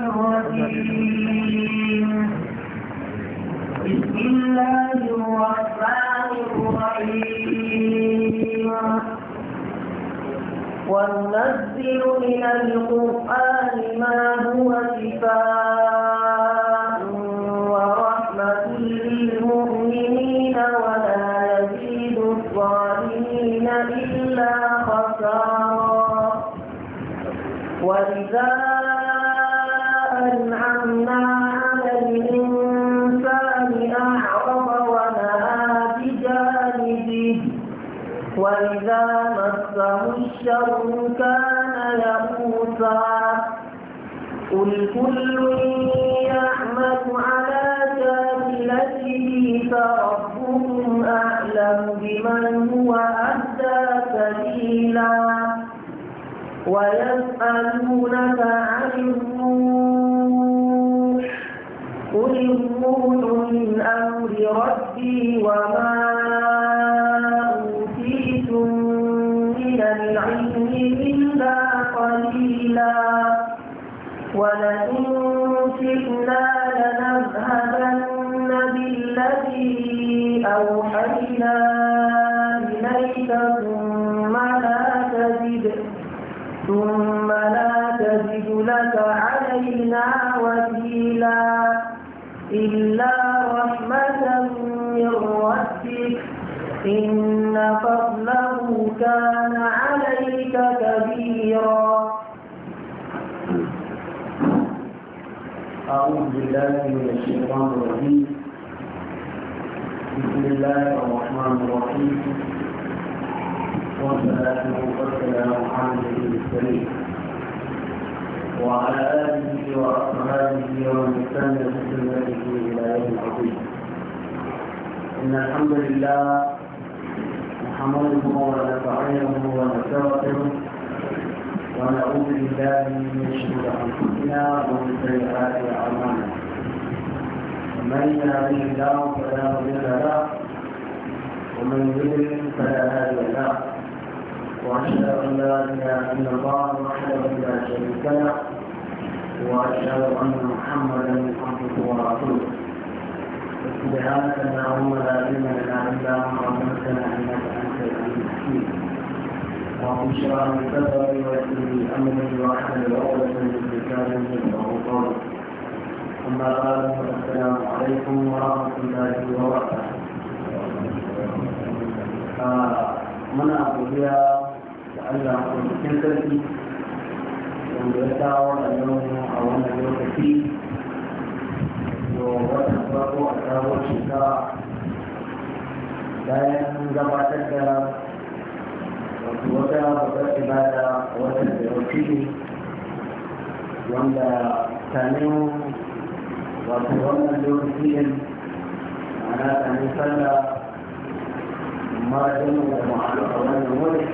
الرجيم وننزل من القرآن ما هو شفاء الشر كان يئوسا قل كل يعمل على شاكلته فربكم أعلم بمن هو أهدى سبيلا ويسألونك عن الروح قل الروح من أمر ربي وما شئنا ولئن شئنا لنذهبن بالذي أوحينا إليك ثم لا تجد ثم لا تجد لك علينا وكيلا إلا رحمة من ربك إن فضله كان عليك كبيرا أعوذ بالله من الشيطان الرجيم بسم الله الرحمن الرحيم والصلاة والسلام على النبي الكريم وعلى آله وأصحابه ومن استنى بسنته إلى يوم العظيم إن الحمد لله نحمده ونستعينه ونستغفره ونعوذ بالله من شرور انفسنا ومن سيئات اعمالنا من يهده الله فلا مضل له ومن يضلل فلا هادي له واشهد ان لا اله الا الله وحده لا شريك له واشهد ان محمدا عبده ورسوله سبحانك اللهم لا علم لنا الا ما علمتنا انك وعن شرع الكفر ويسلم امره واحسن عقبه بالكتاب يسمع قوله اما بعد السلام عليكم ورحمه الله وبركاته muna godiya da Allah cikin sarki wanda ya kawo da yau a wannan lokaci da watan farko a sabon shekara bayan gabatar da wata babbar ibada wata da yauki wanda sanin wata wannan lokaci ne ma'ana sanin sallah marajin da ma'ana a wannan wani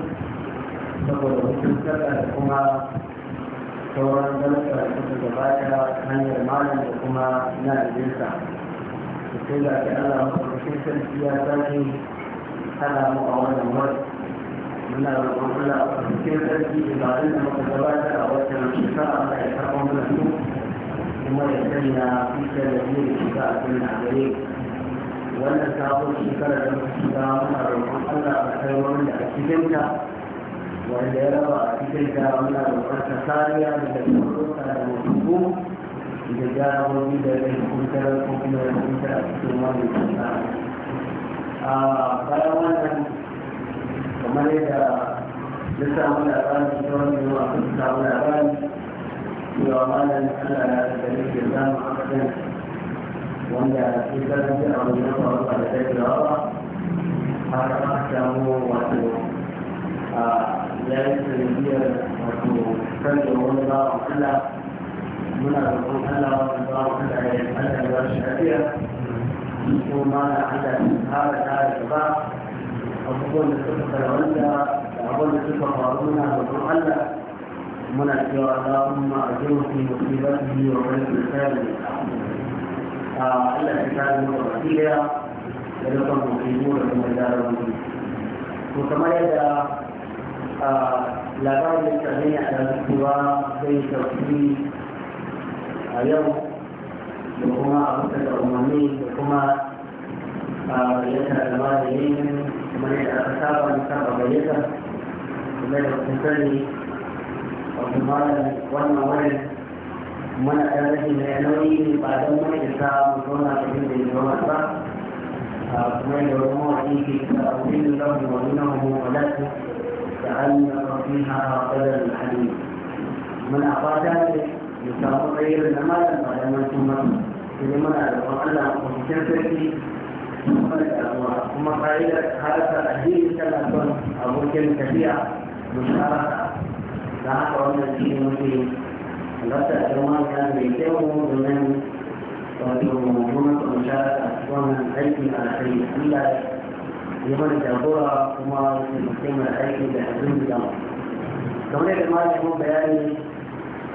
saboda hukun sallah da kuma sauran zarafar da suka gabata hanyar malam da kuma na ajinsa sai da ke Allah mafi sarki ya sake hana mu a wannan wani muna roƙon Allah cikin sarki ibadan da muka gabata a watan shekara Allah ya karɓa mana su kuma ya sanya fitar da biyu shiga a cikin nagare wannan sabon shekara da muka shiga muna roƙon Allah a kai wanda a cikinta wanda ya raba a cikinta muna roƙon ta kariya da tsoroka da mutubu da jarabobi da zai kuntar ko kuma ya kuntar a cikin wannan shekara. Ah, bayan wannan kamar yadda لسه الأبان يتوني وأخذها الأبان وأمانا أنا أتبعيك الآن أخذا وأنا في ذلك أو يطلق على ذلك الأرض أخذته وأخذه لا يستطيع وتفكر والله أخذها من الرسول ألا والله أخذها ألا الشافية ثم أنا أخذها هذا هذا abubuwan da suka salawanta da abubuwan da suka faru na roƙon Allah muna cewa Allahumma ajirhu fi musibatihi wa barik khairi Allah ya kare mu daga kiyaya da dukkan musibu da kuma jarabi to kamar yadda labarin da ne a rantsuwa zai tafi a yau da kuma a da umarni da kuma a yadda labarin kuma ne aka saba da saba gayyata kuma da kun sani wato malam wannan wani mana ɗan rashin mai nauyi ne ba don mai da ta mu zauna da yin da yi ba kuma da wani mawaƙi ke ta wani lafi wani na mu wadatu da an yi ha ƙadar alhali muna fata ne mu samu ƙayyar da malam ba da mutum sai muna da Allah mu fitar kuma ka'idar harkar addini tana son abokin tafiya musharaka da haka wannan shi ne mafi halatta da mata mai kyau domin wato mummunan musharaka wannan aiki a kai Allah ya mana jagora kuma su mutum mai aiki da abin da kamar yadda malamin bayani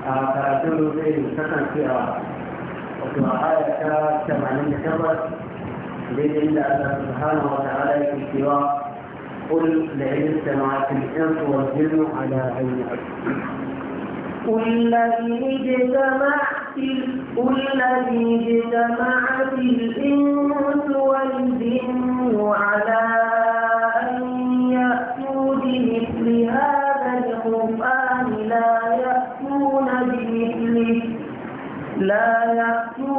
a karatun zai kasance a wato a ayata 88 بإذن الله سبحانه وتعالى في السواء قل لئن اجتمعت الإنس والجن على أن قل لئن اجتمعت قل لئن اجتمعت الإنس والجن على أن يأتوا بمثل هذا القرآن لا يأتون بمثله لا يأتون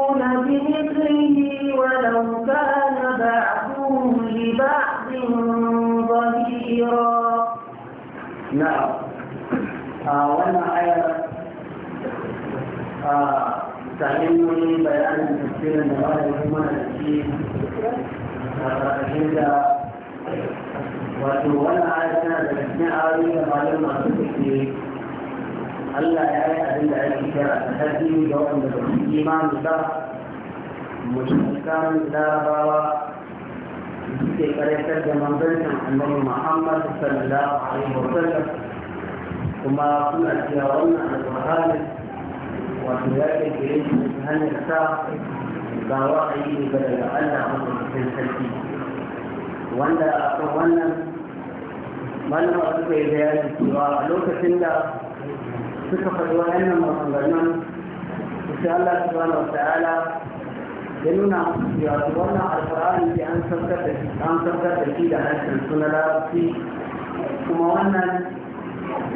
في أجهزة وأنا عارف أنا بسنا عارف معلومة في Allah ya yi abin da ake kira a tafi da waɗanda ba su imani ba mushrikan larabawa suke karantar da manzancin annabi Muhammad sallallahu alaihi wa sallam kuma suna cewa wannan alƙur'ani wato ya ke gare shi hanyar sa ba wa'ayi ne ba daga Allah a mutum sarki wanda akan wannan malama suka yi bayani cewa a lokacin da suka faɗi waɗannan maganganun insha Allah subhanahu wa ta'ala ya nuna musu cewa wannan alƙur'ani da an sarkar da shi an sarkar da shi da harshen suna larabci kuma wannan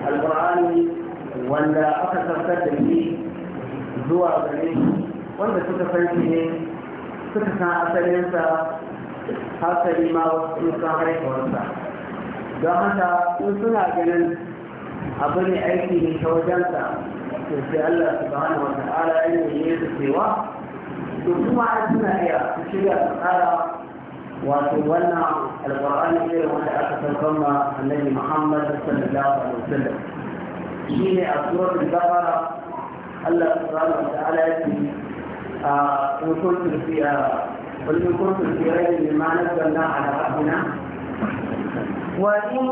alƙur'ani wanda aka sarkar da shi zuwa gare shi wanda suka san shi ne suka san asalinsa hasali ma wasu sun san haihuwarsa don haka in suna ganin abu ne aiki ne ta wajensa to sai Allah subhanahu wa ta'ala ya yi ne su cewa to kuma an suna iya su shirya su tsara wato wannan alƙur'ani irin wanda aka saukar ma annabi Muhammad sallallahu alaihi wasallam ne a suratul baqara Allah subhanahu wa ta'ala ya ce وكنت في قل إن كنتم في غير مما نزلنا على عبدنا وإن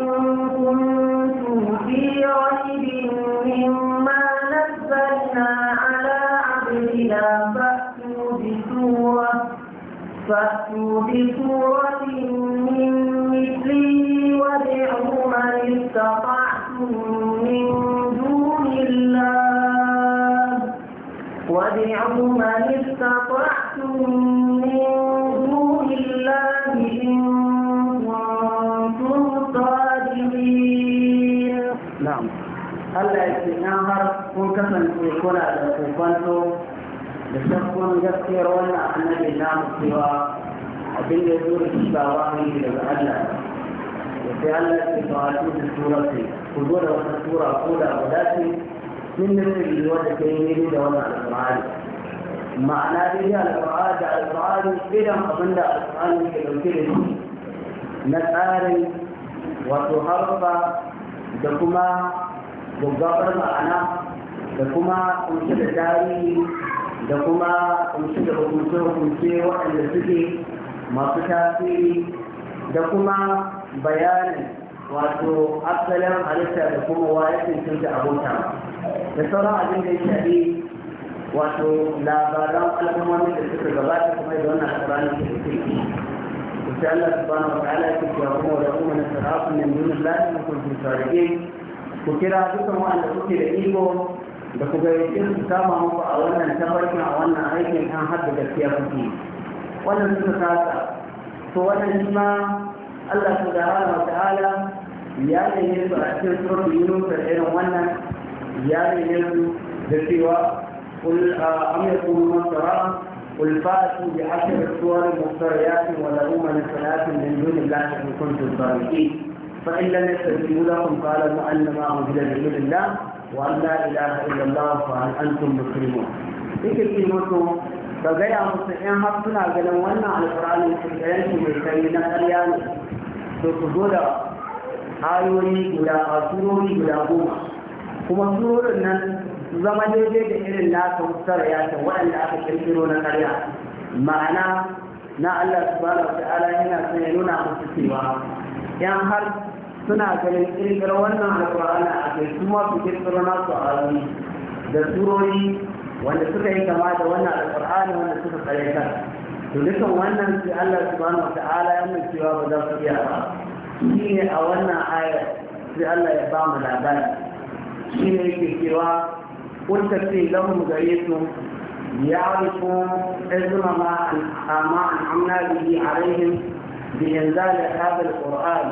كنتم في ريب مما نزلنا على عبدنا فأتوا بسورة فأتوا بسورة من مثله وادعوا من استطعتم وابعوا ما استطعتم من دون الله إن كنتم صادقين نعم هل يجب أن كنت في كل هذا الكفانتو لشخص يذكرون أن الإسلام سوى أبين يزور الشباب وعلي يتعلق بطاعته السورة حضور وسطورة ولكن من نفس الوجه كي يريد ma'ana dai alƙur'ani da alƙur'ani irin abin da alƙur'ani ke ɗauke da shi na tsarin wato harfa da kuma gaggabar ma'ana da kuma kunshi da tarihi da kuma kunshi da hukunce-hukunce waɗanda suke masu tasiri da kuma bayanin wato asalin halitta da kuma wayakin sun da abota da sauran abin da ya shafi wato labaran al'ummomin da suka gabata kuma da wannan alƙur'ani ke da kai insha Allah subhanahu wa ta'ala ya ce kuma wa lakum min sarafin min dunin lahi min kuntum salihin ku kira dukkan wanda kuke da iko da ku gayyace su kama muku a wannan tabarkin a wannan aikin an hadda gaskiya kuke wannan suka kasa to wannan shi ma Allah subhanahu wa ta'ala ya nemi su a cikin surun yunus da irin wannan ya nemi su da cewa قل آه، أم يكون ترى قل فأتوا بعشر سور مفتريات ولو من ثلاث من دون الله إن كنتم صادقين فإن لم يستجيبوا لكم فاعلموا أن ما أنزل دون الله وأن لا إله إلا الله فهل أنتم مسلمون. يمكن في مسلم ka gaya musu in har suna ganin wannan alƙur'ani su yanki mai kai na ƙarya ne ولا ku zo da ayoyi zama daidai da irin nasa ya yakin waɗanda aka kirkiro na ƙarya, ma'ana na Allah subhanahu wa ta'ala yana son ya nuna musu cewa yan har suna ganin kirkiro wannan alƙur'ana a kai su ma su kirkiro nasu a da surori wanda suka yi kama da wannan alƙur'ani wanda suka karyata to dukan wannan sai Allah subhanahu wa ta'ala yana cewa ba za su iya ba shi ne a wannan ayar sai Allah ya ba mu labari shi ne yake cewa wanda ce lahum gare su ya rufu izuma ma amma an amna bihi alaihim bi inzal hadal qur'an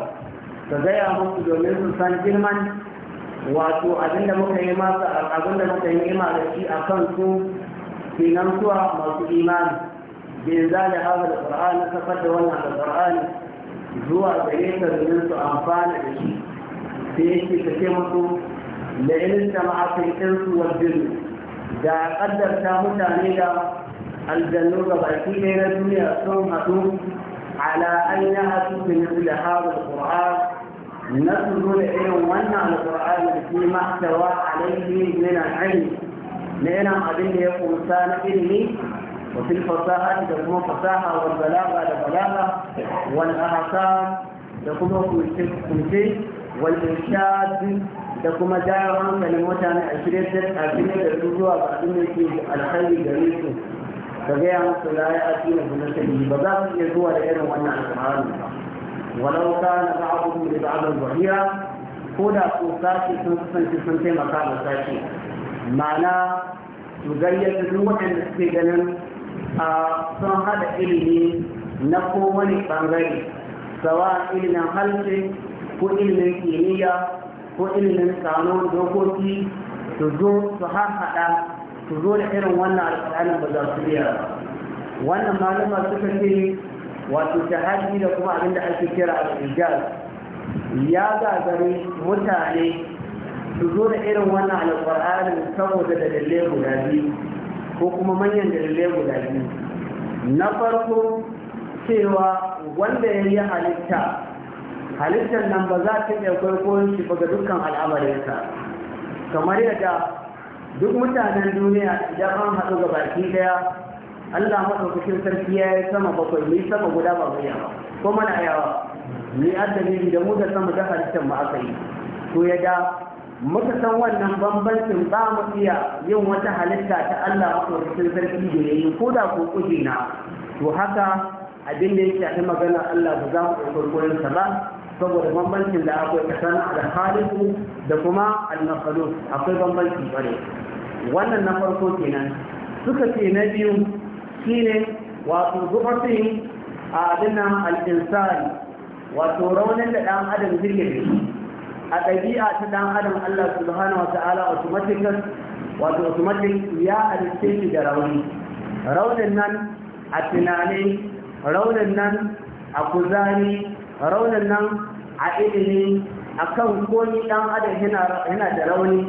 to zai amma domin su san girman wato abinda muka yi masa abin da muka yi ima da shi a kan su kinan suwa masu imani bi inzal hadal qur'an na safar da wannan alqur'an zuwa gare ta domin su amfana da shi sai yake ta ce لئن في الانس والجن دا قدر كامتا نيدا الجنو ضعيفي بين الدنيا ثم هتوم على أنها يهتم بمثل هذا القران نسل لئن ومنع القران في ما احتوى عليه من العلم لئن قبل يقول سان علمي وفي الفصاحة تكون فصاحة والبلاغة لبلاغة والأعصاب تكون كل شيء والإرشاد da kuma jawo hankalin mutane a shirye da shirye da su zuwa ga abin da ke da gare su ka gaya musu la ya ati na ta ba za su iya zuwa da irin wannan alkhairi ba walau kana ba'dhum da ba'd zahira ko da ko sashi sun kusanci sun taimaka da sashi ma'ana su gayyata duk waɗanda suke ganin a sun haɗa ilimi na kowane ɓangare sawa ilimin halshe ko ilimin kimiyya ko ilimin samun dokoki su zo su hada su zo da irin wannan alƙur'anin ba za su iya wannan malama suka ce wato shahadi da kuma abinda ake kira al-ijaz ya gagari mutane su zo da irin wannan alƙur'anin saboda da dalilai guda biyu ko kuma manyan dalilai guda biyu na farko cewa wanda ya yi halitta halittar nan ba za ta iya kwaikwayon shi ba ga dukkan al'amarinsa kamar yadda duk mutanen duniya idan an haɗu ga baki ɗaya Allah maɗaukakin sarki ya yi sama bakwai mai sama guda ba mai yawa ko mana yawa ni addalili da mu da sama da halittar mu aka yi to yadda muka san wannan bambancin ba mu iya yin wata halitta ta Allah maɗaukakin sarki da ya yi ko da ko kujina to haka abin da ya a magana Allah ba za mu ɗaukar gurinsa ba saboda bambancin da akwai tsakanin alhaliku da kuma almakalu akwai bambanci bare wannan na farko kenan suka ce na biyu shine wato zubatin abin nan al'insani wato raunin da ɗan adam zirgin a ɗabi'a ta ɗan adam Allah subhanahu wa ta'ala automatic wato automatic ya halitta shi da rauni raunin nan a tunani raunin nan a kuzari raunin nan a ilimi akan komi ɗan adam yana da rauni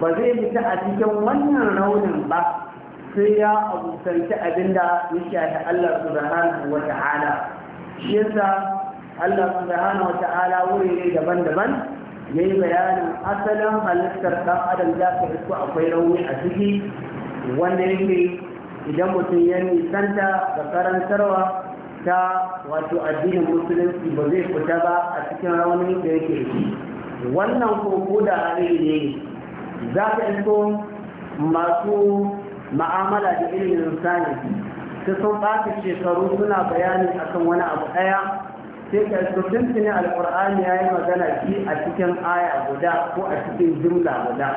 ba zai fita a cikin wannan raunin ba sai ya abusanci abin da ya shafi Allah subhanahu wa ta'ala shi yasa Allah subhanahu wa ta'ala wuri ne daban-daban ya yi bayanin asalin halittar ɗan adam za ka isko akwai rauni a ciki wanda yake idan mutum ya nisanta da karantarwa ta wato addinin musulunci ba zai fita ba a cikin raunin da yake wannan ko da hali ne za ka iso masu ma'amala da ilimin insani ta sun ɓata shekaru suna bayani akan wani abu ɗaya sai ka iso tuntuni alƙur'ani ya yi magana shi a cikin aya guda ko a cikin jimla guda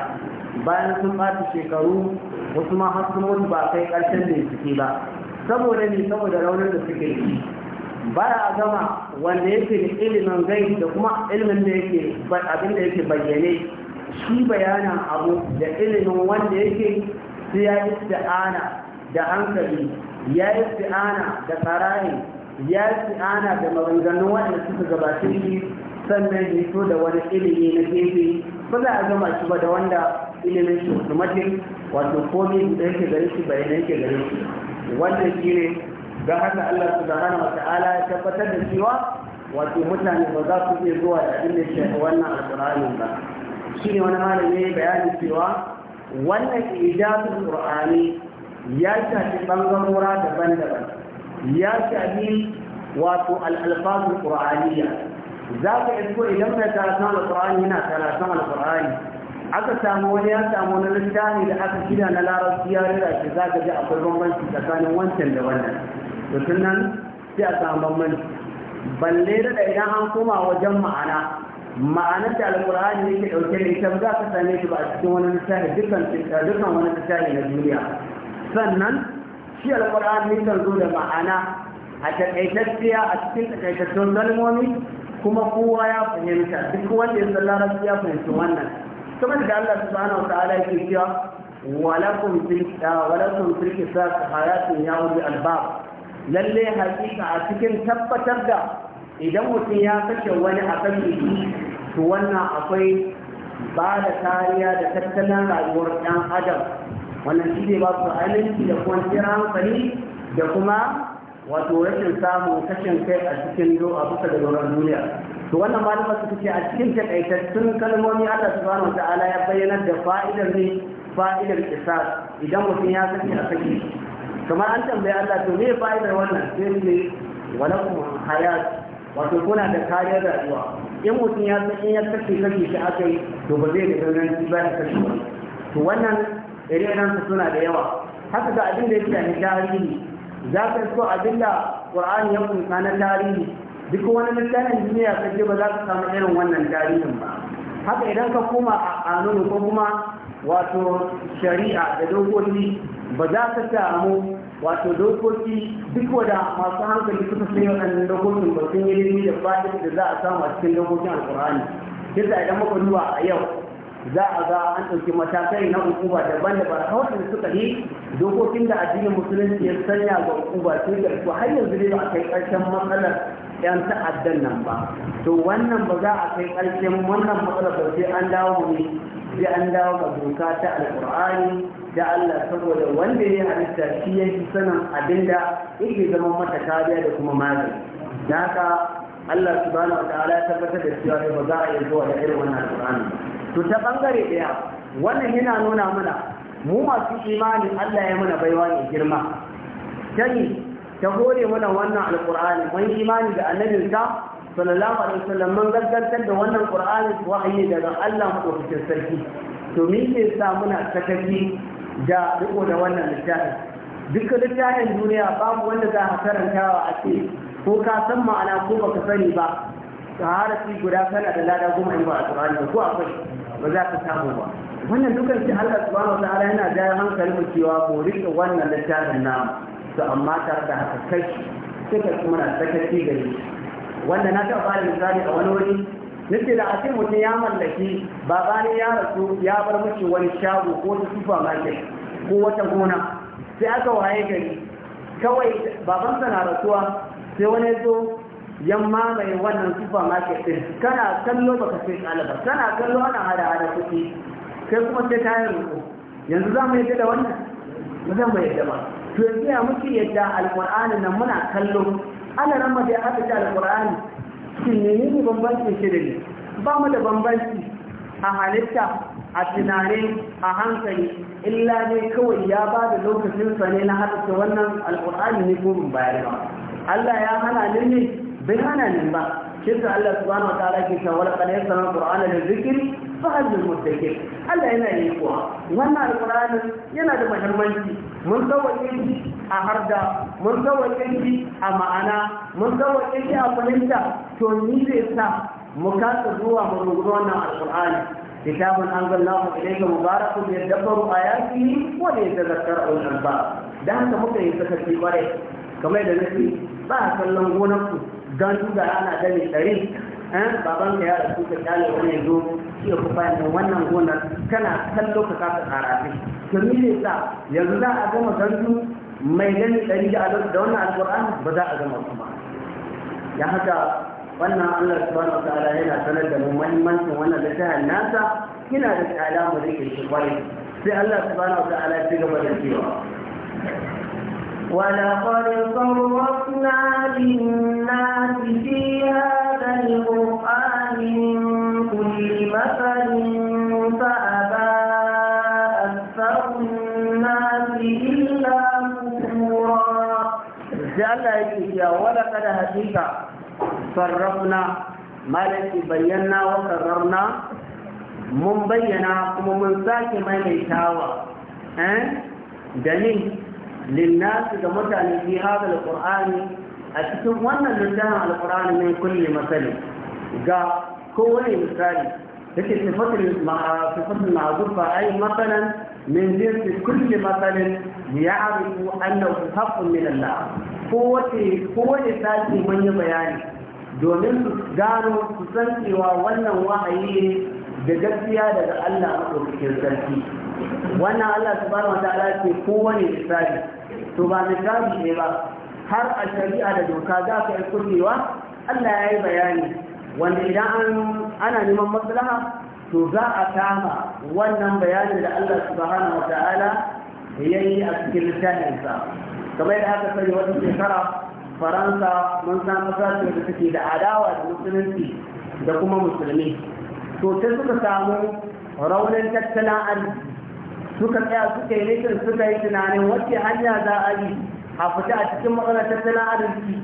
bayan sun ɓata shekaru wasu ma har sun mutu ba kai ƙarshen da ba saboda ne saboda raunar da suke yi ba a gama wanda yake ilimin gai da kuma ilimin da yake abin da yake bayyane shi bayanan abu da ilimin wanda yake su ya yi ana da hankali ya yi ana da tsarari ya yi ana da maganganu, waɗanda suka gabatar shi sannan ya so da wani ilimi na gefe ba za a gama shi ba da wanda ilimin shi automatic wato komi da yake gari shi bayanan yake gari shi wannan shi ne don haka Allah zara wa ta'ala ya tabbatar da cewa wato mutane ba za su iya zuwa da abin da a wannan alƙur'anin ba shi ne wani malami bayanin cewa wannan ijazin qur'ani ya shafi bangarora daban-daban ya shafi wato al'alfazin qur'aniyya za ka isko idan mai karatun alƙur'ani yana karatun alƙur'ani aka samu wani ya samu na littafi da aka shirya na larabci ya rira shi za ka ji akwai bambanci tsakanin wancan da wannan to tun nan sai a samu bambanci balle da idan an koma wajen ma'ana ma'anar da alkur'ani yake ɗauke da ita za ka same shi ba a cikin wani littafi dukkan dukkan wani littafi na duniya sannan shi alkur'ani kan zo da ma'ana a taƙaitacciya a cikin taƙaitaccen kalmomi kuma kowa ya fahimta duk wanda ya san larabci ya fahimci wannan kamar da Allah subhanahu ta'ala yake cewa walakum fil walakum fil qisas hayatun yawmi albab lalle hakika a cikin tabbatar da idan mutum ya kashe wani a kan to wannan akwai ba da kariya da tattalin rayuwar ɗan adam wannan shi ne ba su aminci da kira hankali da kuma wato rashin samun kashin kai a cikin a kusa da doron duniya to wannan malama su ce a cikin takaitattun kalmomi Allah subhanahu ta'ala ya bayyana da fa'idar ne fa'idar kisas idan mutum ya saki a saki kamar an tambaye Allah to me fa'idar wannan sai ne walakum hayat wato kuna da kariyar rayuwa in mutum ya san in ya saki saki shi aka yi to ba zai da gangan ba ya saki to wannan ire suna da yawa haka da abin da yake da tarihi za ka so abin da ƙur'ani ya kunsa na tarihi duk wani littafin duniya ka je ba za ka samu irin wannan tarihin ba haka idan ka koma a kanunu ko kuma wato shari'a da dokoki ba za ka samu wato dokoki duk wada masu hankali suka sai waɗannan dokokin ba sun yi da fa'idar da za a samu a cikin dokokin alƙur'ani yadda idan muka duba a yau za a ga an ɗauki matakai na hukuma daban-daban a waɗanda suka yi dokokin da addinin musulunci ya sanya ga hukuma sun da su har yanzu ne ba a kai ƙarshen matsalar yan ta'addan nan ba to wannan ba za a kai ƙarshen wannan matsalar ba sai an dawo mu ne sai an dawo ga doka ta alƙur'ani da Allah saboda wanda ya halitta shi ya fi sanin abin da yake zama mata kariya da kuma magani da haka Allah subhanahu ta'ala ya tabbatar da cewa ba za a yi zuwa da irin wannan Al-Qur'ani. to ta bangare daya wannan yana nuna mana mu masu imani Allah ya mana baiwa ne girma tani ta hore mana wannan alqur'ani mun imani da annabinka sallallahu alaihi wasallam mun gaggantar da wannan qur'ani wahayi daga Allah ko cikin sarki to me ke sa muna sakaci da riko da wannan littafin duka littafin duniya babu wanda za a karantawa a ce ko ka san ma'ana ko ba ka sani ba harafi guda kana da lada goma in ba a Qur'ani ko akwai ba za ka samu ba wannan dukkan shi Allah subhanahu wa ta'ala yana da hankali mu cewa ko rike wannan littafin na to amma tare da haka kai suka kuma na sakaci gare wanda na taɓa bada misali a wani wuri nake da a mutum ya mallaki babani ya rasu ya bar mace wani shago ko ta supermarket ko wata gona sai aka waye gari kawai babansa na rasuwa sai wani zo yan mamaye wannan supermarket din kana kallo baka sai kalaba kana kallo ana hada hada kuɗi kai kuma sai yi ruku yanzu za mu yadda da wannan ba zan mu yadda ba to yanzu ya muke yadda alƙur'ani nan muna kallo ana rama da ya haɗa alƙur'ani shin ne ne bambancin shi da ni? ba mu da bambanci a halitta a tunane a hankali illa ne kawai ya ba da lokacinsa ne na haɗa wannan alƙur'ani ne ko mun bayar ba Allah ya hana ni ne bai hana ni ba shirka Allah subhanahu wa ta'ala ke cewa wala qad yassara al-qur'ana fa hal mudakkir Allah yana yi kuwa wannan alqur'ani yana da muhimmanci mun sauke shi a harda mun sauke shi a ma'ana mun sauke shi a fahimta to ni zai sa mu kasa zuwa mu rubuta wannan alqur'ani kitabun anzalallahu ilayka mubarakun yadabbaru ayatihi wa liyadhakkaru al-albab dan haka muka yi sakaci kwarai kamar da nake ba a kallon gonar ku don duba ana gani ɗari eh, baban ka ya rasu ka kyale wani yanzu iya ku bayan wannan gonar kana kallo ka kasa karafi domin ne sa yanzu za a gama gandu mai gani ɗari da wannan alƙur'ani ba za a gama kuma ya haka wannan Allah subhanahu wa ta'ala yana sanar da mu muhimmancin wannan littafin nasa yana da tsada mu rike shi kwarai sai Allah subhanahu wa ta'ala ya ci gaba da cewa ولقد صرفنا للناس في هذا القرآن من كل مثل فأبى أكثر الناس إلا كفورا جعل يا ولقد هديك صرفنا مالك بينا وكررنا من بينا ومن ساكن ما يتاوى أه؟ دليل linnasu ga mutane fi hada alqur'ani a cikin wannan littafin alqur'ani min kunne masali ga kowane misali yake sifatul sifatul ma'zufa ay masalan min jinsi kulli masalin ya'rifu annahu haqqun min Allah kowace kowace sati mun yi bayani domin su gano su san wannan wahayi da gaskiya daga Allah a wannan Allah subhanahu wa ta'ala ce kowane misali to ba misali ne ba har a shari'a da doka za ka yi kullewa Allah ya yi bayani wanda idan ana neman maslaha to za a kama wannan bayanin da Allah subhanahu wa ta'ala ya yi a cikin littafinsa kamar yadda aka sani wata shekara faransa mun san ƙasa da take da adawa da musulunci da kuma musulmi to sai suka samu raunin tattalin arziki suka tsaya suka yi laifin suka yi tunanin wacce hanya za a yi a fita a cikin matsalar tattalin arziki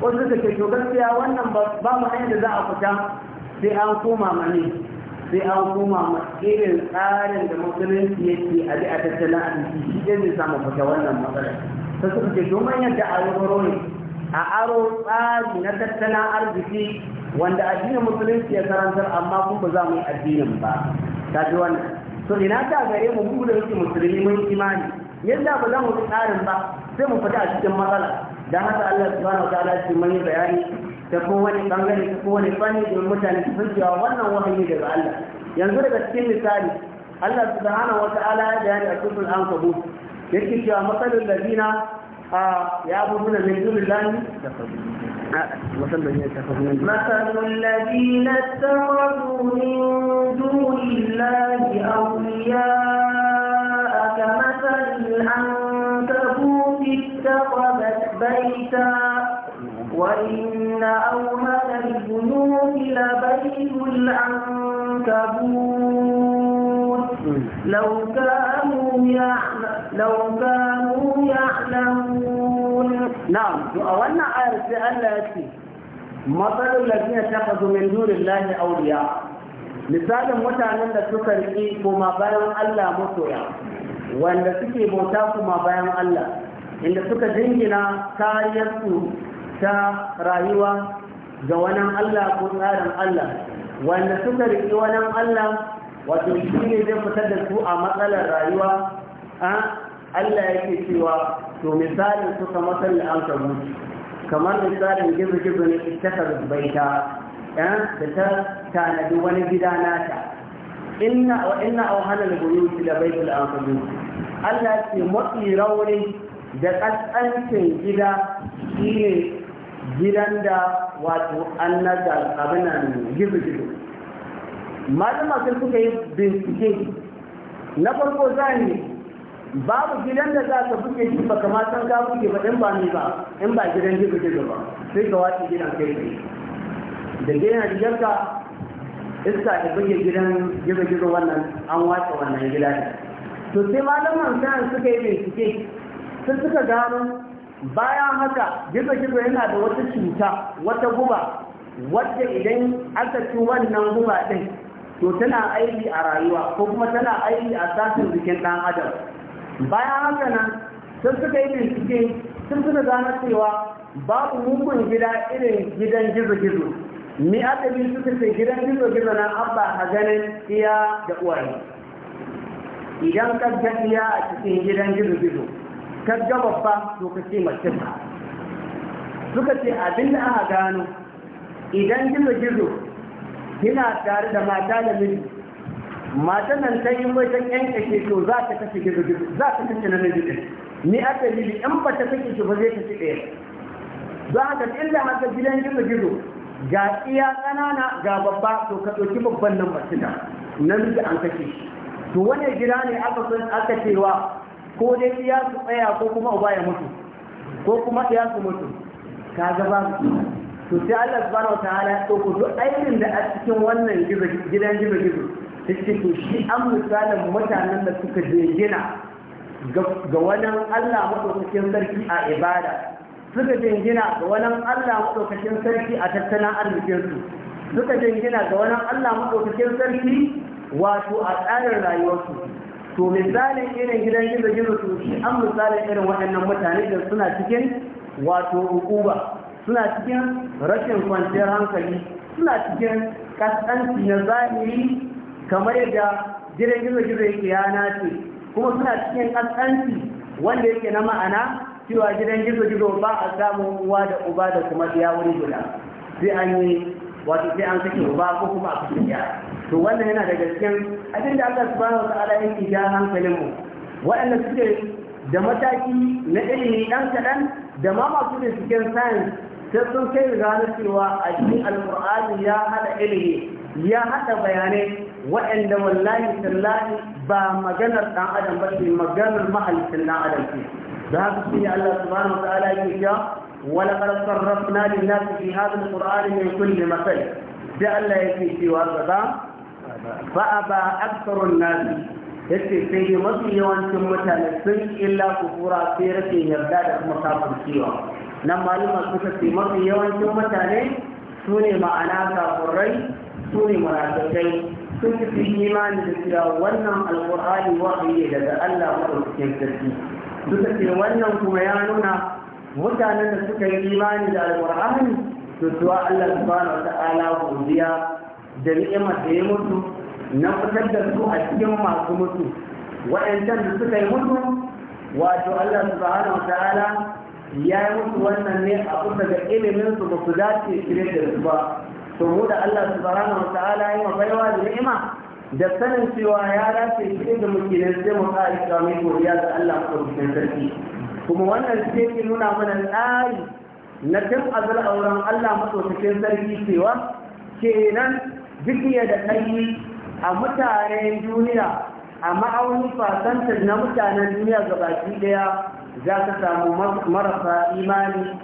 wasu suka ke to siya wannan ba mu hanyar da za a fita sai an koma mani sai an koma ma irin tsarin da musulunci yake a bi a tattalin arziki shi ɗin zai samu fita wannan matsalar ta suka ce to manyan a ne a aro tsari na tattalin arziki wanda addinin musulunci ya karantar amma kuma ba za mu yi addinin ba ta ji wannan to ina ta gare mu mu da muke musulmi mun imani yadda ba za mu bi tsarin ba sai mu fita a cikin matsala dan haka Allah subhanahu wa ta'ala shi mun yi bayani ta kowane bangare ta kowane fanni domin mutane su san cewa wannan wahayi daga Allah yanzu daga cikin misali Allah subhanahu wa ta'ala ya bayani a cikin al-ankabut yake cewa matsalul ladina آه، يا أبونا من دون الله مثل الذين اتخذوا من دون الله أولياء كمثل العنكبوت اتخذت بيتا وإن أولى البيوت لبيت العنكبوت لو كانوا لو كانوا يعلمون نعم وأولنا آية سألة مثل الذين اتخذوا misalin mutanen da suka riƙe koma bayan Allah masoya wanda suke bauta ma bayan Allah inda suka jingina kariyarsu ta rayuwa ga wani Allah ko tsarin Allah wanda suka riƙe wani Allah wato shi ne zai fitar da su a matsalar rayuwa Allah yake cewa to misalin su kamar salli an kamar misalin gizo-gizo ne ita ta baita da ta tanadi wani gida nata inna wa inna aw da buyuti la baitul ankabut Allah ce mafi rauni da kaskancin gida shine gidan da wato annaga abinan gizo-gizo malama sai suka yi bincike na farko zahiri babu gidan da za ka buke shi ba kama san ka buke ba in ba ni ba in ba gidan ji buke ba sai ka wace gidan kai kai da gidan ka iska da buke gidan gizo-gizo wannan an wace wannan gida ne to sai malaman sayan suka yi bincike sun suka gano bayan haka gizo-gizo yana da wata cuta wata guba wadda idan aka ci wannan guba ɗin to tana aiki a rayuwa ko kuma tana aiki a sashen jikin ɗan adam bayan haka nan sun suka yi bincike sun suka gano cewa babu mugun gida irin gidan gizo-gizo ni adabi suka ce gidan gizo-gizo na abba a ganin iya da uwaye idan ka ga iya a cikin gidan gizo-gizo ka ga babba to ka ce mace suka ce abin da aka gano idan gizo-gizo kina tare da mata da miji Mata nan ta yi mai ta kake to za ta kashe gizo-gizo? za ta kashe na miji ɗin ni aka yi in ba ta kashe ba zai kashe ɗaya don haka illa haka gidan gizo-gizo ga iya ƙanana ga babba to ka ɗauki babban nan masina namiji an kashe shi to wani gida ne aka san aka cewa ko dai iya su tsaya ko kuma uba ya mutu ko kuma iya su mutu ka ga su to sai Allah subhanahu wa ta'ala ya ɗauko duk aikin da a cikin wannan gidan gizo gizo ta ce to shi an misalin mutanen da suka jingina ga wani Allah maɗaukakin sarki a ibada suka jingina ga wani Allah maɗaukakin sarki a tattalin arzikinsu suka jingina ga wani Allah maɗaukakin sarki wato a tsarin rayuwarsu to misalin irin gidan gizo gizo to shi an misalin irin waɗannan mutane da suna cikin wato hukuma suna cikin rashin kwanciyar hankali suna cikin kaskanci na zahiri kamar yadda jiran gizo-gizo yake yana ce kuma suna cikin kaskanci wanda yake na ma'ana cewa gidan gizo-gizo ba a samun uwa da uba da kuma ya wuri guda sai an yi wato sai an sake uba ko kuma a cikin ya to wannan yana daga cikin abin da Allah su wa ta'ala yake ja hankalin mu waɗanda suke da mataki na ilimi ɗan kaɗan da ma masu da cikin science sai sun kai gane cewa a cikin alƙur'ani ya haɗa ilimi ya haɗa bayanai waɗanda wallahi tallahi ba maganar ɗan adam ba ce maganar mahalicin ɗan adam ce da haka shi ne Allah subhanahu wa ta'ala yake cewa wala qad sarrafna lin-nasi fi hadha al min kulli masal da Allah yake cewa gaba fa aba aktharun nas yace sai mafi yawancin mutane sun illa kufura sai rashin yarda da kuma kafircewa nan maluma suka ce mafi yawancin mutane su ne ma'ana kafurai su ne munafikai sun fi imani da cewa wannan alkur'ani wahayi daga Allah madaukakin sarki suka ce wannan kuma ya nuna mutanen da suka yi imani da alkur'ani to suwa Allah subhanahu wa ta'ala godiya da ni'imar da ya mutu na fitar da su a cikin masu mutu wa'ancan da suka yi mutu wato Allah subhanahu wa ta'ala ya yi musu wannan ne a kusa ga ilimin su ba su dace shirye da su ba to mu da Allah subhanahu wa ta'ala ya mabaiwa da ni'ima da sanin cewa ya dace shirye da muke ne sai mu ƙara islami godiya ga Allah ko cikin sarki kuma wannan sai ke nuna mana tsari na tun azal auren Allah maɗaukakin sarki cewa kenan jikiya da kai a mutanen duniya a ma'aunin fasantar na mutanen duniya gabaki daya za ka samu marasa imani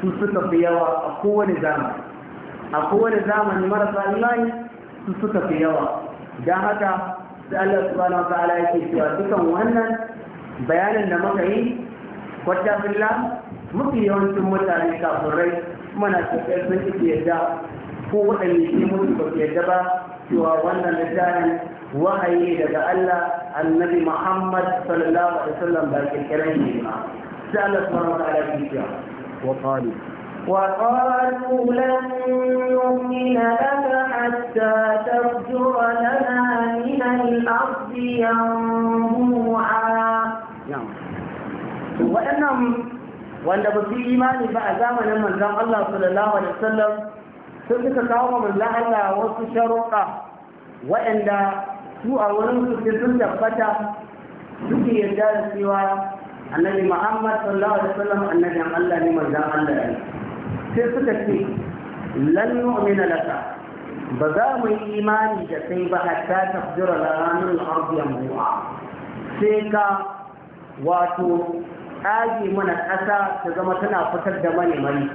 su suka fi yawa a kowane zamani a kowane zamani marasa imani su suka fi yawa don haka da Allah subhanahu wa ta'ala yake cewa dukan wannan bayanin da muka yi kwata billa mafi yawancin mutane kuma na cikin sun yadda ko waɗanda ke mutu ba su yadda ba cewa wannan littafin wahayi daga Allah annabi Muhammad sallallahu alaihi wasallam ba kirkiran shi ba sai Allah subhanahu wa ta'ala ya ce wa qalu وقالوا لن نؤمن لك حتى تفجر لنا من الأرض ينبوعا نعم وأنهم wanda ba su imani ba a zamanin manzon Allah sallallahu alaihi wasallam sun suka kawo manzon Allah wasu sharuɗa waɗanda su a wurin su sai sun tabbata suke yarda da cewa annabi muhammad sallallahu alaihi wasallam annabi allah ne manzan allah ne sai suka ce lan nu'mina laka ba za mu yi imani da kai ba hatta tafjira lana min al-ardi yanbu'a sai ka wato tsage mana ƙasa ta zama tana fitar da mani manemani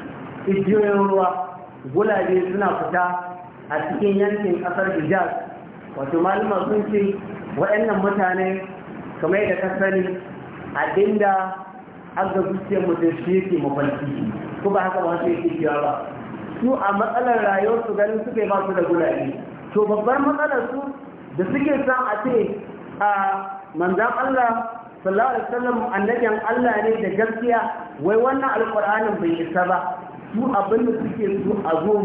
igiyoyin ruwa gulabe suna fita a cikin yankin ƙasar hijaz wato malama sun ce waɗannan mutane kamar yadda ka sani an ga zuciyar mutum shi yake mafarki ko ba haka ba sai yake cewa ba su a matsalar rayuwar su ganin su ba su da gulaɗe to babbar matsalar su da suke san a ce a manzan Allah sallallahu alaihi wasallam annabiyan Allah ne da gaskiya wai wannan alƙur'anin bai isa ba su abin da suke so a zo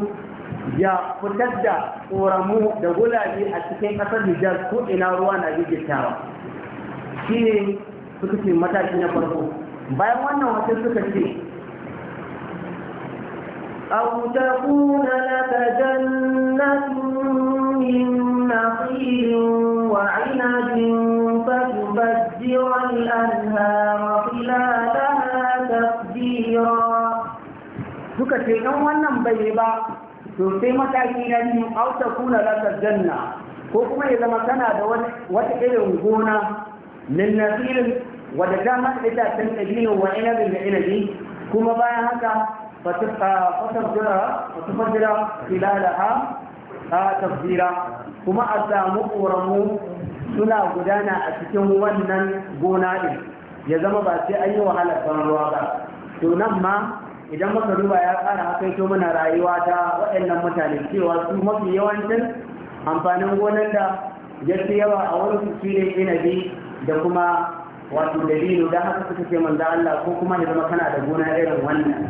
ya fitar da ƙoramu da gulabi a cikin kasar Nijar ko ina ruwa na gigittawa shi ne suka ce mataki na farko bayan wannan wata suka ce أو تكون لك جنة من نخيل وعنب فتبدر الأنهار خلالها تفجيرا suka ce ɗan wannan bai ba to sai mataki na biyu aw takuna laka janna ko kuma ya zama kana da wata irin gona min nasirin da ta mata itacen dabino wa inabin da inabi kuma bayan haka fatafjira filalaha a tafjira kuma a samu ƙoramu suna gudana a cikin wannan gona ɗin ya zama ba sai an yi wahalar ban ruwa ba to nan ma idan maka duba ya haka ito mana rayuwa ta waɗannan mutane cewa su mafi yawancin amfanin gonar da ya fi yawa a wani su ne inabi da kuma wato dalilu da haka suka ce manzo Allah ko kuma da zama kana da gona irin wannan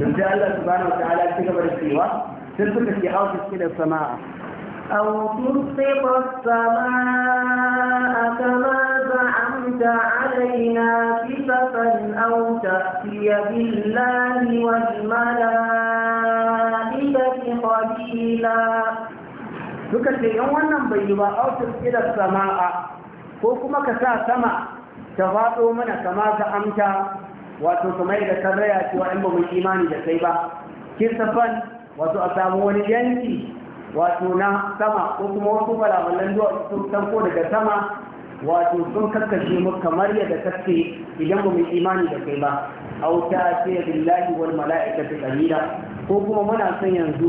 don sai Allah subhanahu wa ta'ala ya ci gaba da cewa sun suka ce hausa suke sama'a أو تسقط السماء كما زعمت علينا كسفا أو تأتي بالله والملائكة قبيلا suka ce yan wannan bai yi ba autar sama'a ko kuma ka sa sama ta faɗo mana kama ka amta wato kamar da kan raya cewa in ba mu imani da kai ba kisafan wato a samu wani yanki wato na sama ko kuma wasu balabalan zuwa sun tanko daga sama wato sun kakkashe mu kamar yadda kake idan ba mu imani da kai ba au ta ce billahi wal ta qalila ko kuma muna son yanzu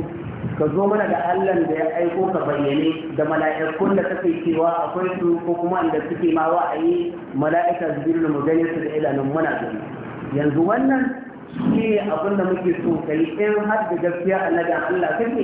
ka zo mana da Allah da ya aiko ka bayyane da mala'ikun da kake cewa akwai su ko kuma inda suke ma wa'ayi mala'ika jibril mu gane su da ilanin muna gani yanzu wannan shi ne abin da muke so kai in har da gaskiya annabi Allah kake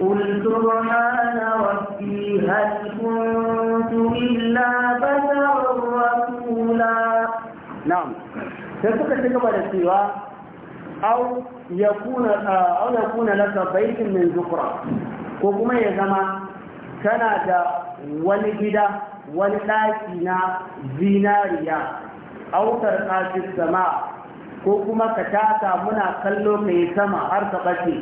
قل سبحان ربي هل كنت إلا بشرا رسولا نعم سيكون تكبر السواء أو يكون أو يكون لك بيت من ذكرى وكما يزمى كان ولجدا ولكن زيناريا أو ترقى في السماء ko kuma ka taka muna kallo ka yi sama har ka ɓace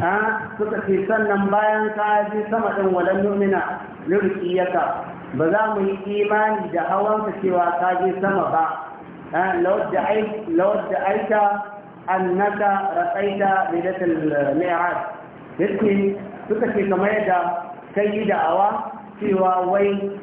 ha suka ce sannan bayan ka ji sama ɗin walan numina lurkiyaka ba za mu yi imani da ka cewa ka ji sama ba lawar da aika annaka raƙaita lidatul mi'raj yake suka ce kamar yadda kai yi da'awa cewa wai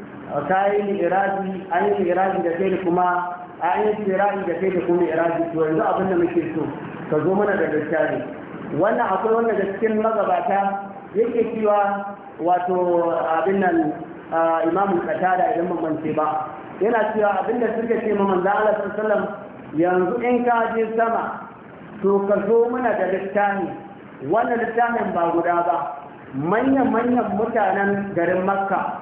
ka yi irazi an yi irazi da kai da kuma an yi irazi da kai da kuma irazi to yanzu abin da muke so ka zo mana da gaskiya ne wannan akwai wanda da cikin magabata yake cewa wato abin nan imamun qatada idan ban mance ba yana cewa abin da suka ce mamman da Allah sallallahu yanzu in ka je sama to ka zo mana da littafi wannan littafin ba guda ba manyan manyan mutanen garin makka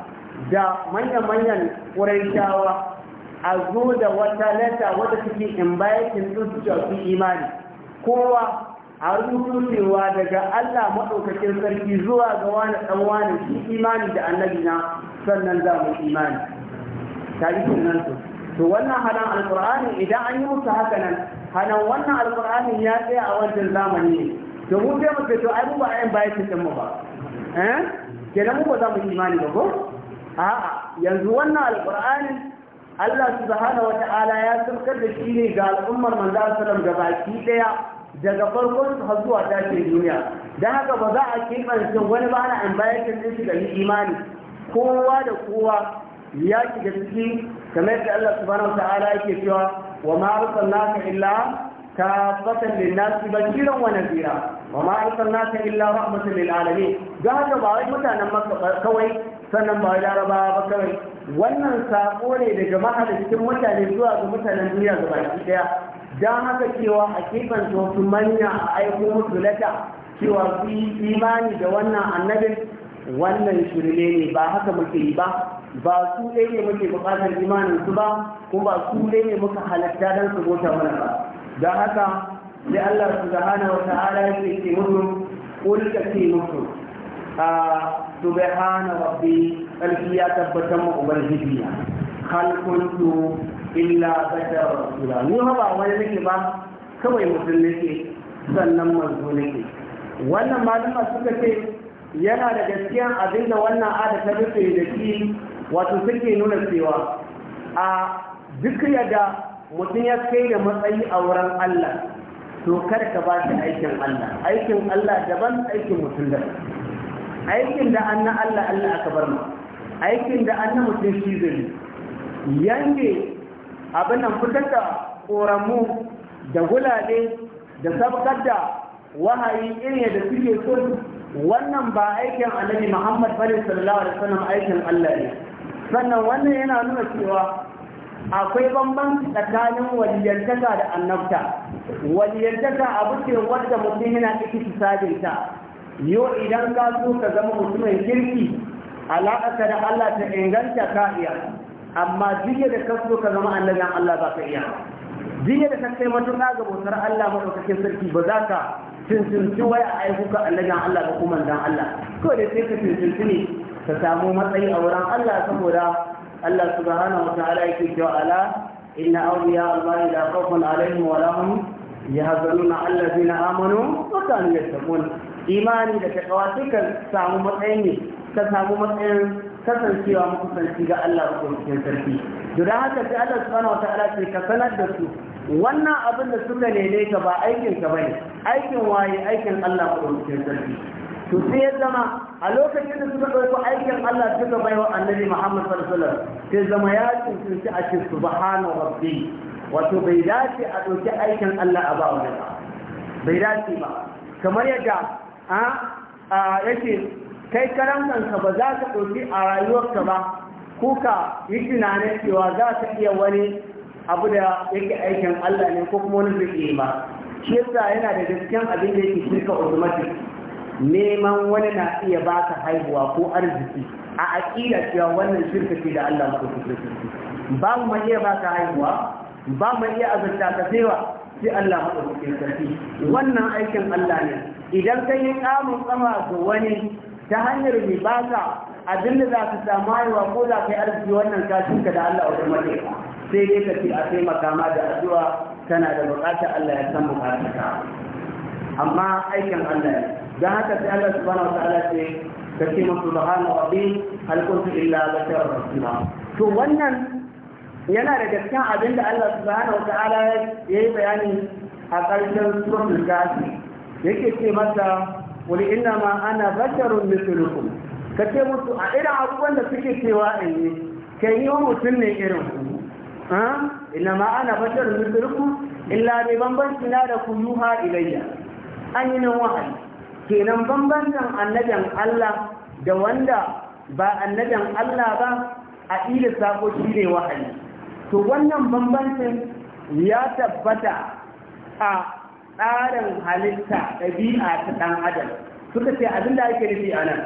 da manyan manyan ƙuraishawa a zo da wata lata wadda suke in bayan su imani kowa har rubutewa daga Allah maɗaukakin sarki zuwa ga wani ɗan wani shi imani da annabi na sannan za mu imani ta yi to to wannan halan alƙur'ani idan an yi musu haka nan halan wannan alƙur'ani ya tsaya a wancan zamani ne to mu sai mu ce to ai mu ba ayan baya cikin mu ba eh kenan mu ba za mu imani ba ko a'a yanzu wannan alqur'ani Allah subhanahu ta'ala ya saukar da shi ne ga al'ummar manzo sallallahu alaihi wasallam gabaki daya daga farkon su har zuwa tashin duniya don haka ba za a keɓance wani ba na ambayakin din shiga ni imani kowa da kowa ya da ciki kamar da Allah subhanahu wa ta'ala yake cewa wa ma arsalnaka illa kafatan lin-nasi bashiran wa nadhira wa ma arsalnaka illa rahmatan lil-alamin don haka ba wai mutanen maka kawai sannan ba wai Larabawa ba kawai wannan sako ne daga mahalicin mutane zuwa ga mutanen duniya gaba ɗaya don haka cewa a kifan wasu manya a aiko musu lata cewa su imani da wannan annabin wannan shirme ne ba haka muke yi ba ba su ɗaya ne muke buƙatar imanin su ba Ko ba su ɗaya ne muka halatta don su bota mana ba don haka sai Allah su hana wa ta'ala yake ce musu ƙulka ce musu a ah, subhana rabbi ƙarfi ya tabbatar ma ubangiji na hal illa bashar rasula ni ma ba wani nake ba kawai mutum nake sannan manzo nake wannan malama suka ce yana da gaskiyan abin da wannan ada ta rufe da shi wato suke nuna cewa a duk yadda mutum ya kai da matsayi a wurin Allah to kar ka ba shi aikin Allah aikin Allah daban aikin mutum daban aikin da an na Allah Allah aka bar mu aikin da an na mutum shi zai yanke abin nan fitar da ƙoramu da gulale da sabkar da wahayi irin yadda suke so wannan ba aikin annabi muhammad bane sallallahu alaihi wasallam aikin allah ne sannan wannan yana nuna cewa akwai bambanci tsakanin waliyantaka da annabta waliyantaka abu ce wanda mutum yana ikisi sajinta yau idan ka so ka zama mutumin kirki alaƙa da allah ta inganta ka amma jiya da kaso ka zama annabin Allah ba ka iya jiya da kai matuƙa ga bautar Allah maɗaukakin sarki ba za ka tuntunci waya a aihuka annabin Allah da kuma dan Allah ko da sai ka tuntunci ne ka samu matsayi a wurin Allah saboda Allah subhanahu wata'ala ta'ala yake cewa ala inna awliya Allah la khawfun alaihim wa lahum yahzanun allazina amanu wa kanu yattaqun imani da takawa sukan samu ka samu matsayin kasancewa sanci ga Allah ku makusancin sarki to don haka sai Allah subhanahu wataala ce ka sanar da su wannan abin da suka nene ka ba aikin ka bane aikin waye aikin Allah ku makusancin sarki to sai ya zama a lokacin da suka ɗauko aikin Allah suka bai wa annabi Muhammad sallallahu alaihi wasallam sai zama ya tsinci a cikin subhana rabbi wato bai dace a ɗauki aikin Allah a ba wani ba bai dace ba kamar yadda a ah, ah, yake kai karan kanka ba za ka ɗauki a rayuwarka ba kuka yi tunanin cewa za ka iya wani abu da yake aikin Allah ne ko kuma wani zai ba shi yasa yana da gaskiyan abin da yake shirka automatic neman wani na iya baka haihuwa ko arziki a aƙida cewa wannan shirka ce da Allah ko ba mu iya baka haihuwa ba mu iya azurta ka sewa sai Allah maɗaukakin sarki wannan aikin Allah ne idan ka yi kamun kama ga wani ta hanyar ribasa abin da za ka samu haihuwa ko za ka yi arziki wannan kashin ka da Allah wajen mace sai dai ka ce a sai ma da addu'a kana da bukatar Allah ya san bukatarka amma aikin Allah ne don haka sai Allah subhanahu wa ta'ala ce ka ce masu subhana rabbi hal kuntu illa basharar rasula to wannan yana da gaskiya abin da Allah subhanahu wa ta'ala ya yi bayani a ƙarshen suratul kafi yake ce masa wani ina ma ana basharun mithlukum ka ce musu a irin abubuwan da suke cewa in yi kan yi mutum ne irin ku ina ma ana basharun mithlukum illa bi bambanci na da ku yuha ilayya an yi nan wahayi kenan bambancin annajan Allah da wanda ba annajan Allah ba a ila sako shi ne wahayi to wannan bambancin ya tabbata a tsarin halitta ɗabi'a ta ɗan adam suka ce abin da ake nufi a nan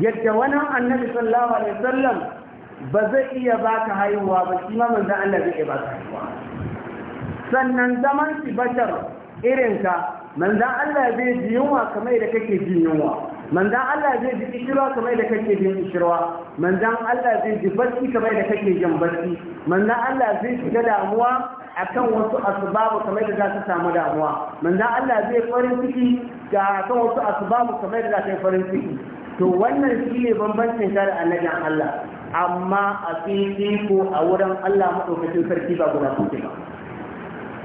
yadda wani annabi sallallahu alaihi wasallam ba zai iya baka haihuwa ba shi ma manzon Allah zai iya baka haihuwa sannan zaman shi bashar irinka manzon Allah zai ji yunwa kamar da kake jin yunwa manzan Allah zai ji kishirwa kamar da kake jin kishirwa manzan Allah zai ji barci kamar da kake jin barci manzan Allah zai shiga damuwa akan wasu asbabu kamar da za su samu damuwa manzo Allah zai farin ciki ga akan wasu asbabu kamar da za su farin ciki to wannan shi ne bambancin kare annabin Allah amma a cikin ko a wurin Allah madaukakin sarki ba guda kuke ba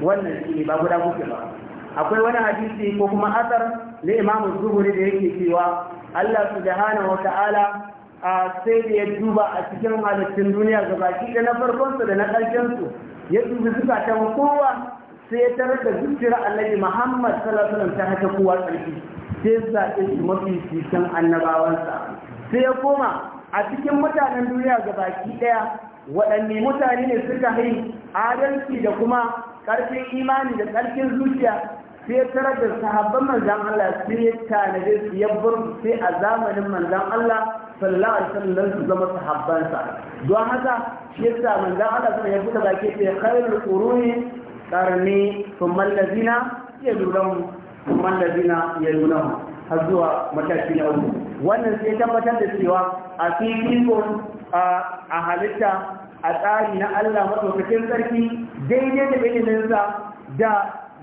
wannan shi ne ba guda kuke ba akwai wani hadisi ko kuma asar na Imam Zuhri da yake cewa Allah subhanahu wa ta'ala sai da ya duba a cikin halittun duniya gabaki da na farkonsu da na ƙarshensu ya dubi zukatan kowa sai ya tarar da zuciyar annabi muhammad sallallahu alaihi ta haka kowa tsarki sai ya zaɓe shi mafi cikin annabawansa sai ya koma a cikin mutanen duniya ga baki ɗaya waɗanne mutane ne suka yi adalci da kuma ƙarfin imani da ƙarfin zuciya sai ya tarar da sahabban manzan Allah sai ya tanade su ya bar sai a zamanin manzan Allah sallallahu alaihi wasallam su zama sahabbansa don haka shi yasa manzan Allah sai ya fita baki sai khairul quruni qarni thumma allazina yalunahum thumma allazina mu, har zuwa mataki na uku wannan sai tabbatar da cewa a fifikon a halitta a tsari na Allah madaukakin sarki daidai da iliminsa da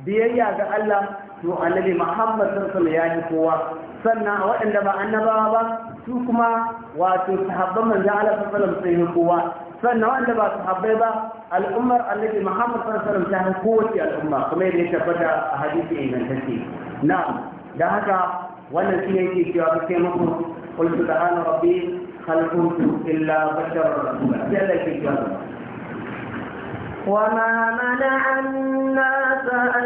biyayya ga Allah to annabi Muhammad sallallahu ya yi kowa sannan waɗanda ba annabawa ba su kuma wato sahabban manzo Allah sallallahu alaihi wasallam kowa sannan waɗanda ba sahabbai ba al'ummar annabi Muhammad sallallahu alaihi wasallam ta kowace al'umma kuma yadda ya tabbata a hadisi ingantacce na'am da haka wannan shi ne yake cewa ku kai muku qul subhana rabbi khalaqtu illa basharan rasula sai Allah yake cewa وما منع الناس أن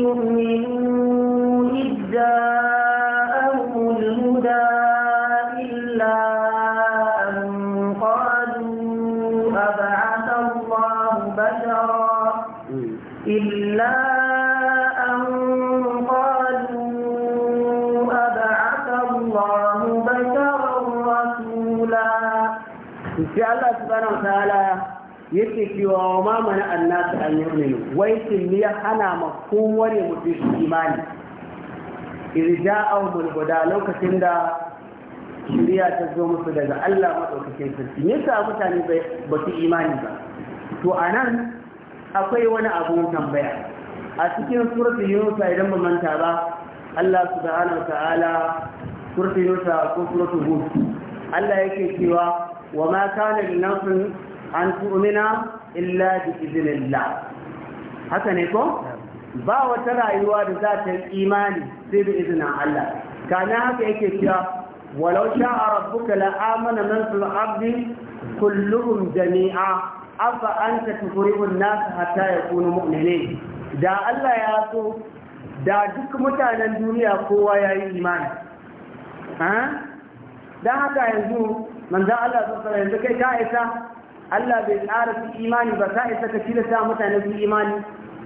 يؤمنوا إذ الهدى إلا أن قالوا أبعث الله بشرا إلا أن قالوا أبعث الله بشرا رسولا yake cewa wa ma mana annasu an yu'minu wai tilli ya hana ma kowane mutum shi imani awul guda lokacin da shiriya ta zo musu daga Allah madaukakin sarki sa mutane ba su imani ba to anan akwai wani abun tambaya a cikin suratu Yunus idan ba manta ba Allah subhanahu ta'ala suratu Yunus ko suratu Hud Allah yake cewa wa ma kana lin nafsin an tu'mina illa bi iznillah haka ne ko ba wata rayuwa da za ta yi imani sai da izinin Allah kana haka yake cewa walau sha'a rabbuka la amana man fil ardi kulluhum jami'a afa anta tukrihu nas hatta yakunu mu'minin da Allah ya so da duk mutanen duniya kowa ya yi imani ha dan haka yanzu manzo Allah sallallahu alaihi wasallam kai ka isa Allah bai tsara su imani ba sa isa ka tilasta mutane su imani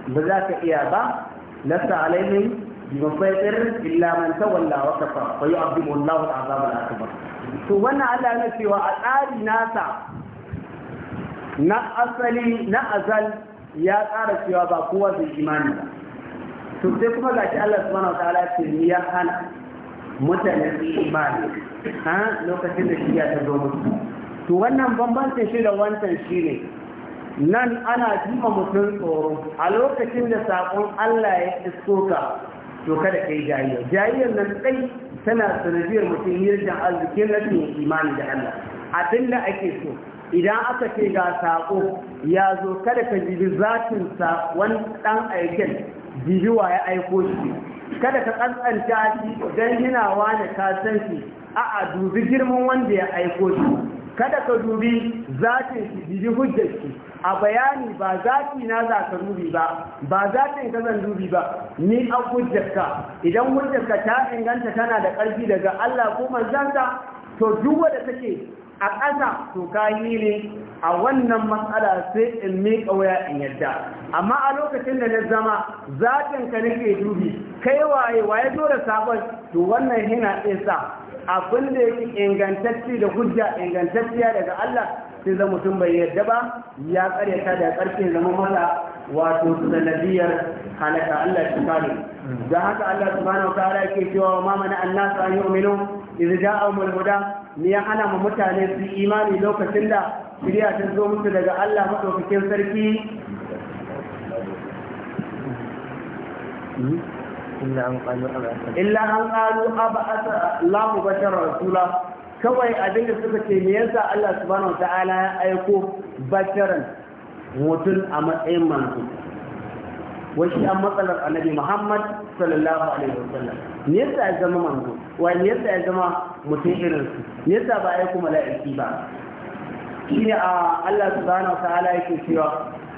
ba za ka iya ba lasta alaihim musaitir illa man tawalla wa kafa wa yu'adhibu Allahu al'azab al-akbar to wannan Allah na cewa a tsari nasa na asali na azal ya tsara cewa ba kowa zai imani ba to sai kuma gashi Allah subhanahu wa ta'ala ce ya hana mutane su imani ha lokacin da shi ya ta zo musu to wannan bambancin shi da wancan shi ne nan ana jima mutum tsoro a lokacin da saƙon Allah ya isko ka to kada ka yi jayiyar jayiyar nan kai tana sanadiyar mutum yirjan arzikin rashin imani da Allah abin da ake so idan aka ce ga saƙo ya zo kada ka jibi zafin sa ɗan aikin jibiwa ya aiko shi kada ka ƙasƙanta shi don yana wani kasanci a'a dubi girman wanda ya aiko shi kada ka dubi zatin shi jiji hujjar shi a bayani ba zati na za ka dubi ba ba zatin ka zan dubi ba ni a hujjar idan hujjar ka ta inganta tana da ƙarfi daga Allah ko manzansa to duk wanda take a ƙasa to ka yi ne a wannan matsala sai in miƙa waya in yadda amma a lokacin da na zama zatin ka nake dubi kai waye waye zo da sabon to wannan yana isa abin da yake ingantacci da hujja ingantacciya daga Allah sai zama mutum bai yadda ba ya karyata da karfin zama mala wato sanadiyar halaka Allah shi kare da haka Allah subhanahu wa ta'ala yake cewa ma mana annasu an yu'minu idza al huda ni ya ana mu mutane su imani lokacin da shirya ta zo musu daga Allah madaukakin sarki hmm? illa an qalu ab'atha illa an qalu rasula kawai abin da suka ce me yasa Allah subhanahu ta'ala ya aiko basharan mutum a matsayin manzo wai shi an matsalar annabi Muhammad sallallahu alaihi wasallam me yasa ya zama manzo wai me yasa ya zama mutum irin su me yasa ba aiko mala'iki ba shine a Allah subhanahu wataala yake cewa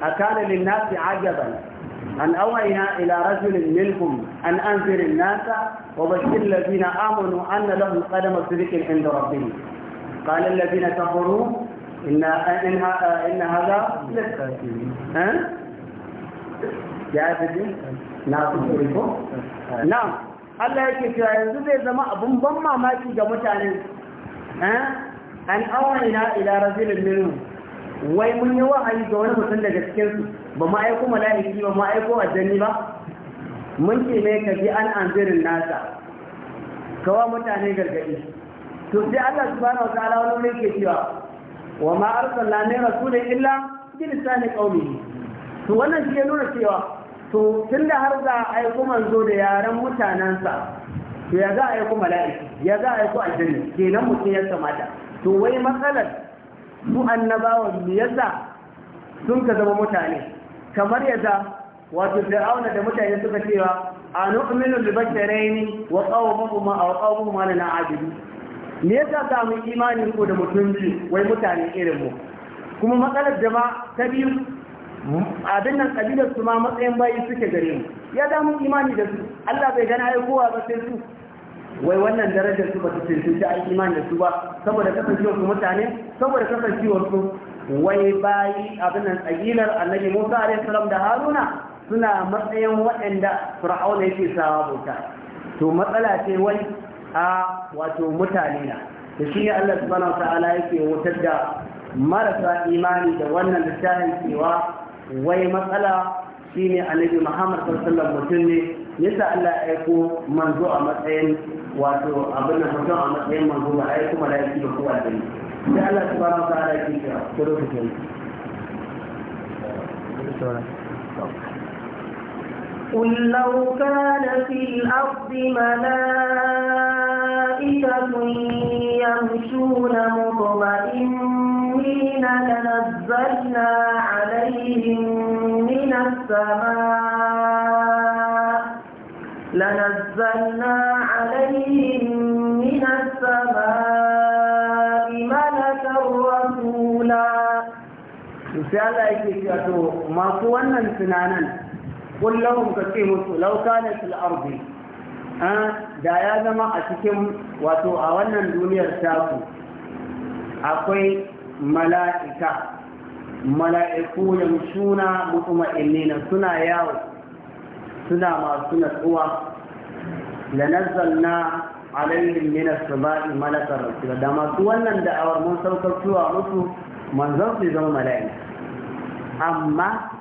akana lin-nasi ajaban أن أوينا إلى رجل منهم أن أنذر الناس وبشر الذين آمنوا أن لهم قدم صدق عند ربهم قال الذين كفروا إن إن إن هذا يا سيدي نعم نعم الله يكفي يا سيدي إذا ما أبن بما ما تيجا أن أوينا إلى رجل منهم ويمنوا أن يدوروا مثل جسكنسو ba ma aiko mala'iki ba ma aiko aljanni ba mun ce mai ka bi an anzirin nasa kawa mutane gargadi to sai Allah subhanahu wataala wani mai ke cewa wa ma arsalna min rasul illa bi lisani qawmi to wannan shi ya nuna cewa to tunda har za a aiko manzo da yaran mutanansa to ya za a aiko mala'iki ya za a aiko aljanni kenan mutum ya kamata to wai matsalar su annabawa me yasa sun ka zama mutane kamar yadda wato fir'auna da mutane suka cewa a nu'minu bi basharaini wa qawmuhuma aw qawmuhuma lana abidu me yasa za mu imani ko da mutunci biyu wai mutane irin mu kuma matsalar jama'a ta biyu abin nan kabilar su ma matsayin bayi suke gare mu ya da mu imani da su Allah bai gana ai kowa ba sai su wai wannan darajar su ba su su ta imani da su ba saboda kasancewar su mutane saboda kasancewar su Wani bayi abin nan tsagilar annabi musa alaihi salam da haruna suna matsayin waɗanda fir'auna yake sawa bauta to matsala ce wani a wato mutane na da shi Allah subhanahu wa ta'ala yake wutar da marasa imani da wannan littafin cewa wai matsala shine annabi Muhammad sallallahu mutum ne yasa Allah ya aiko manzo a matsayin wato abin da mutum a matsayin manzo ba aiko malaiki ba kowa da da قل لو كان في الأرض ملائكة يمشون مطمئنين لنزلنا عليهم من السماء لنزلنا sai Allah yake cewa to masu wannan tunanin kullum ka ce musu lauka ne fil ardi da ya zama a cikin wato a wannan duniyar taku akwai mala'ika mala'iku yamshuna mutma'innina suna yawo suna masu natsuwa nazzalna alaihim min as-sama'i malakar rasul da masu wannan da'awar mun saukar zuwa musu manzon su zama mala'ika amma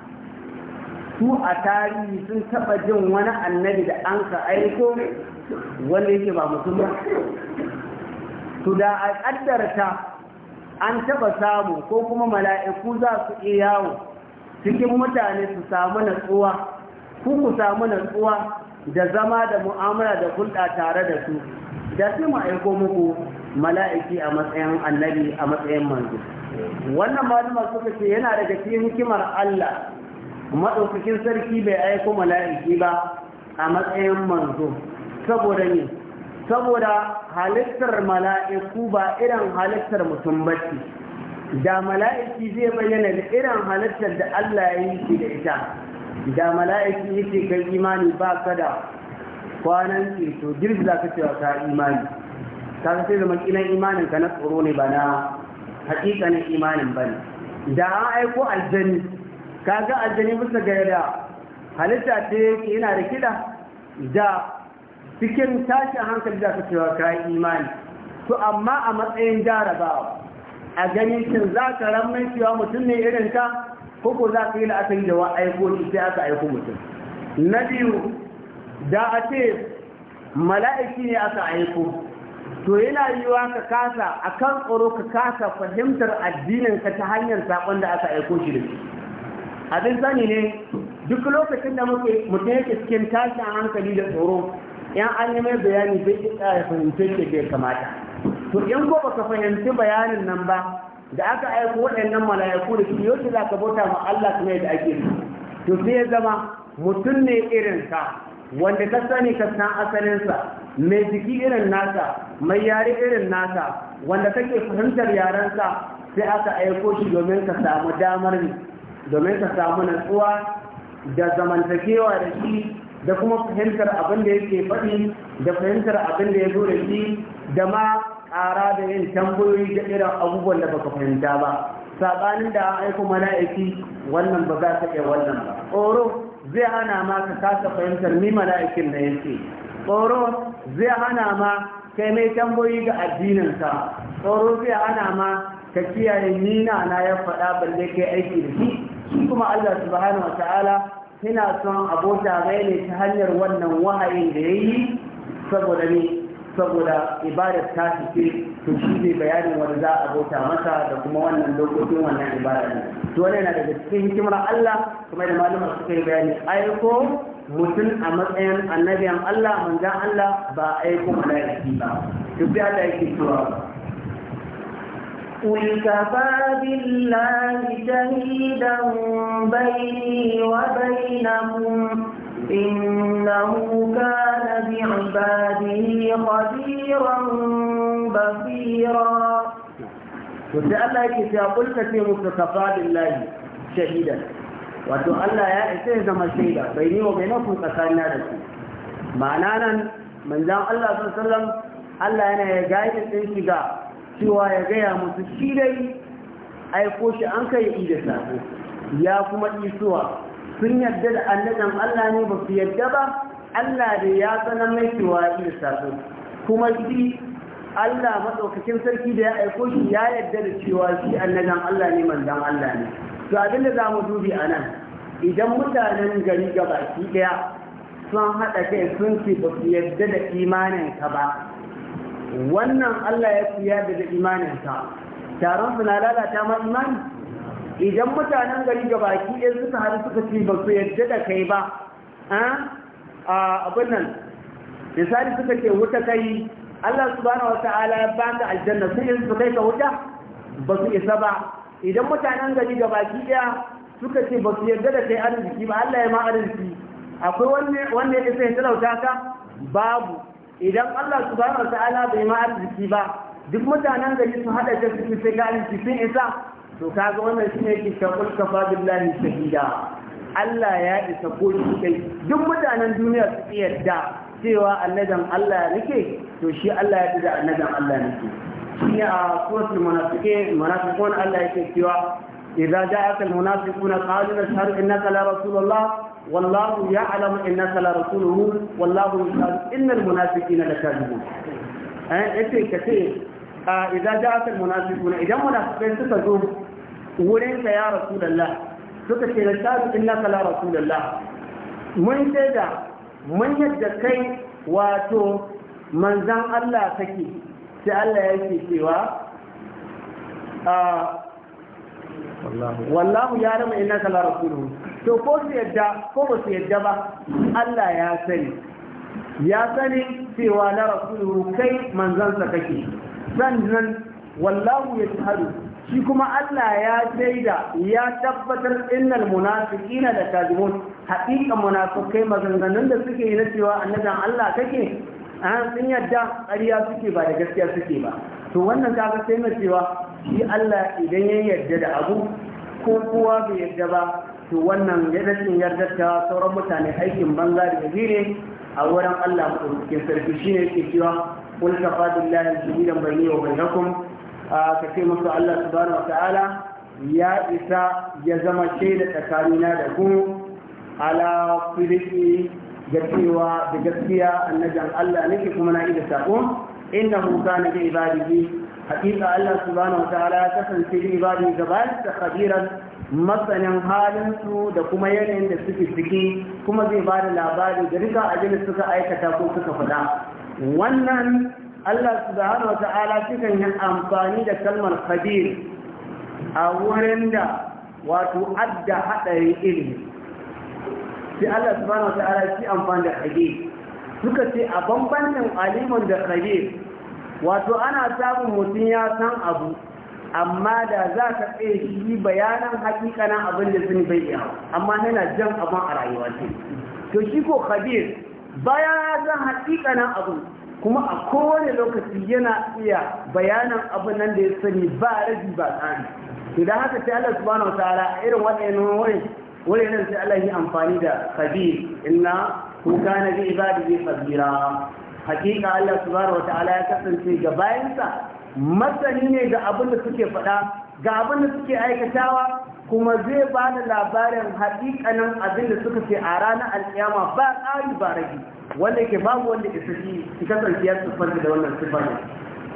su a tarihi sun taɓa jin wani annabi da an ka aiko wanda yake ba mutum ba Su da a ƙaddarta an taɓa samu ko kuma mala'iku za su iya yawo cikin mutane su samu natsuwa ku ku samu natsuwa da zama da mu'amala da hulɗa tare da su da sai mu aiko muku mala'iki a matsayin annabi a matsayin manzo wannan malama suka ce yana daga cikin hikimar Allah madaukakin sarki bai aiko mala'iki ba a matsayin manzo saboda ne saboda halittar mala'iku ba irin halittar mutum ba ce da mala'iki zai bayyana da irin halittar da Allah ya yi da ita da mala'iki yake kai imani ba ka da kwanan ceto girgi za ka cewa ta imani ta sai zama kinan imanin ka na tsoro ne ba na hakikanin imanin ba ne da an aiko aljani ka ga aljani bisa ga yadda halitta ce yake yana da kiɗa da cikin tashin hankali za ka cewa ka imani to amma a matsayin jarabawa a ganin shin za ka ramin cewa mutum ne irin ka ko ko za ka yi la'akari da wa aiko shi sai aka aiko mutum na biyu da a ce mala'iki ne aka aiko to yana yiwa ka kasa a kan tsaro ka kasa fahimtar addinin ka ta hanyar saƙon da aka aiko shi da shi abin sani ne duk lokacin da mutum yake cikin tashin hankali da tsoro yan an yi mai bayani bai yi ya fahimce ke bai kamata to in ko baka fahimci bayanin nan ba da aka aiko waɗannan mala'iku da shi yau za ka bauta ma Allah kuma yadda ake to sai ya zama mutum ne irin ka wanda ka sani ka san sa, mai jiki irin nasa mai yare irin nasa wanda kake fahimtar yarensa sai aka aiko shi domin ka samu damar domin ka samu natsuwa da zamantakewa da shi da kuma fahimtar abin da yake faɗi da fahimtar abin da ya zo da shi da ma ƙara da yin tambayoyi da irin abubuwan da baka fahimta ba saɓanin da an aiko mala'iki wannan ba za ta iya wannan ba tsoro zai hana ma ka kasa fahimtar ni mala'ikin na yake tsoro zai hana ma kai mai tamboyi ga addininsa tsoro zai hana ma ka kiyaye nina na ya faɗa balle kai aiki da shi shi kuma Allah subhanahu wataala yana son abota gai ne ta hanyar wannan wahayin da ya yi saboda ne saboda ibadar ta fice to shi ne bayanin wanda za a bauta masa da kuma wannan lokacin wannan ibadar ne Dole yana daga cikin hikimar Allah kuma da malama suka yi bayani aiko mutum a matsayin annabiyan Allah manzan Allah ba aiko mala'iki ba duk da Allah yake cewa قل كفى بالله شهيدا بيني وبينكم إنه كان بعباده خبيرا بصيرا to sai Allah yake cewa kul ka ce musu kafa billahi shahidan wato Allah ya isa ya zama shaida bai ni wa bainakum tsakanina da ku ma'ana nan manzon Allah sallallahu alaihi wasallam Allah yana ya gaida din shi cewa ya gaya musu shi dai aiko shi an kai yi sako ya kuma isuwa sun yadda da annaban Allah ne ba su yadda ba Allah da ya sanar mai cewa yi da sako kuma shi Allah maɗaukakin sarki da ya aiko shi ya yarda da cewa shi annaban Allah ne manzan Allah ne to abinda za mu dubi a nan idan mutanen gari gabaki ɗaya sun haɗa kai sun ce ba su yarda da imaninka ba wannan Allah ya fi yarda da imaninka taron su na lalata ma imani idan mutanen gari gabaki ɗaya suka haɗu suka ce ba su yarda da kai ba a ah, abin nan misali suka ce wuta kai Allah subhanahu wa ta'ala ya ba ka aljanna sun yi su kai ka wuta ba su isa ba idan mutanen gari da baki daya suka ce ba su yarda da kai arziki ba Allah ya ma arziki akwai wanda ya isa ya talauta ka babu idan Allah subhanahu wa ta'ala bai ma arziki ba duk mutanen gari su hada ta cikin sai ga arziki sun isa to kaga wannan shine yake shakul kafa billahi shahida Allah ya isa ko shi kai duk mutanen duniya su yarda cewa annadan Allah ya nake to shi Allah ya da annadan Allah ya nake shi ne a suratul munafiqin munafiqun Allah yake cewa idza ja'aka almunafiquna qalu nashhadu innaka la rasulullah wallahu ya'lamu innaka la rasuluhu wallahu yashhadu innal munafiqina lakadibun eh yace kace idza ja'aka almunafiquna idan munafiqai suka zo wurin ka ya rasulullah suka ce nashhadu innaka la rasulullah mun shaida mun yadda kai wato manzan Allah take sai Allah yake cewa wallahu ya rama ina kala rasulu to ko su yadda ko ba su yadda ba Allah ya sani ya sani cewa na rasulu kai manzansa kake sannan wallahu ya shahadu shi kuma Allah ya daida ya tabbatar innal munafiqina da kadibun haƙiƙa munafiqai maganganun da suke yi na cewa annaban Allah kake an sun yadda ƙarya suke ba da gaskiya suke ba to wannan kaga sai na cewa shi Allah idan ya yarda da abu ko kowa bai yarda ba to wannan ya rashin yarda ta sauran mutane aikin banza da ne a wurin Allah ko cikin sarki shine yake cewa "Kul kafa billahi shahidan bayni wa bainakum ka ce masu Allah subhanahu wata'ala ya isa ya zama da tsakanina da ku ala firiki ga cewa da gaskiya annajan Allah nake kuma na ida sako innahu kana bi ibadihi hakika Allah subhanahu wata'ala ya kasance bi ibadihi gaba da khabiran masanin halinsu da kuma yanayin da suke ciki kuma zai ba da labari da rika abin suka aikata ko suka faɗa wannan Allah subhanahu wa ta'ala cikin yin amfani da kalmar kabir a wurin da wato adda haɗarin ilimi sai Allah subhanahu wa ta'ala shi amfani da kabir suka ce a bambancin alimun da kabir wato ana samun mutum ya san abu amma da za ka tsaye shi bayanan hakikanin abin da sun bai iya amma yana jan abin a rayuwa ce to shi ko kabir baya ya san hakikanin abu kuma a kowane lokaci yana iya bayanin abin nan da ya sani ba rabi ba tsari idan haka sai Allah subhanahu wa irin waɗannan wurin wurin nan sai Allah ya amfani da kuka inna hu kana bi ibadihi khabira hakika Allah subhanahu wasu ya kasance ga bayansa masani ne ga abin da suke faɗa ga abin da suke aikatawa kuma zai ba da labarin haƙiƙanin abin da suka ce a ranar alkiyama ba tsari ba rage wanda yake babu wanda ke shi ita sarki ya da wannan siffa ne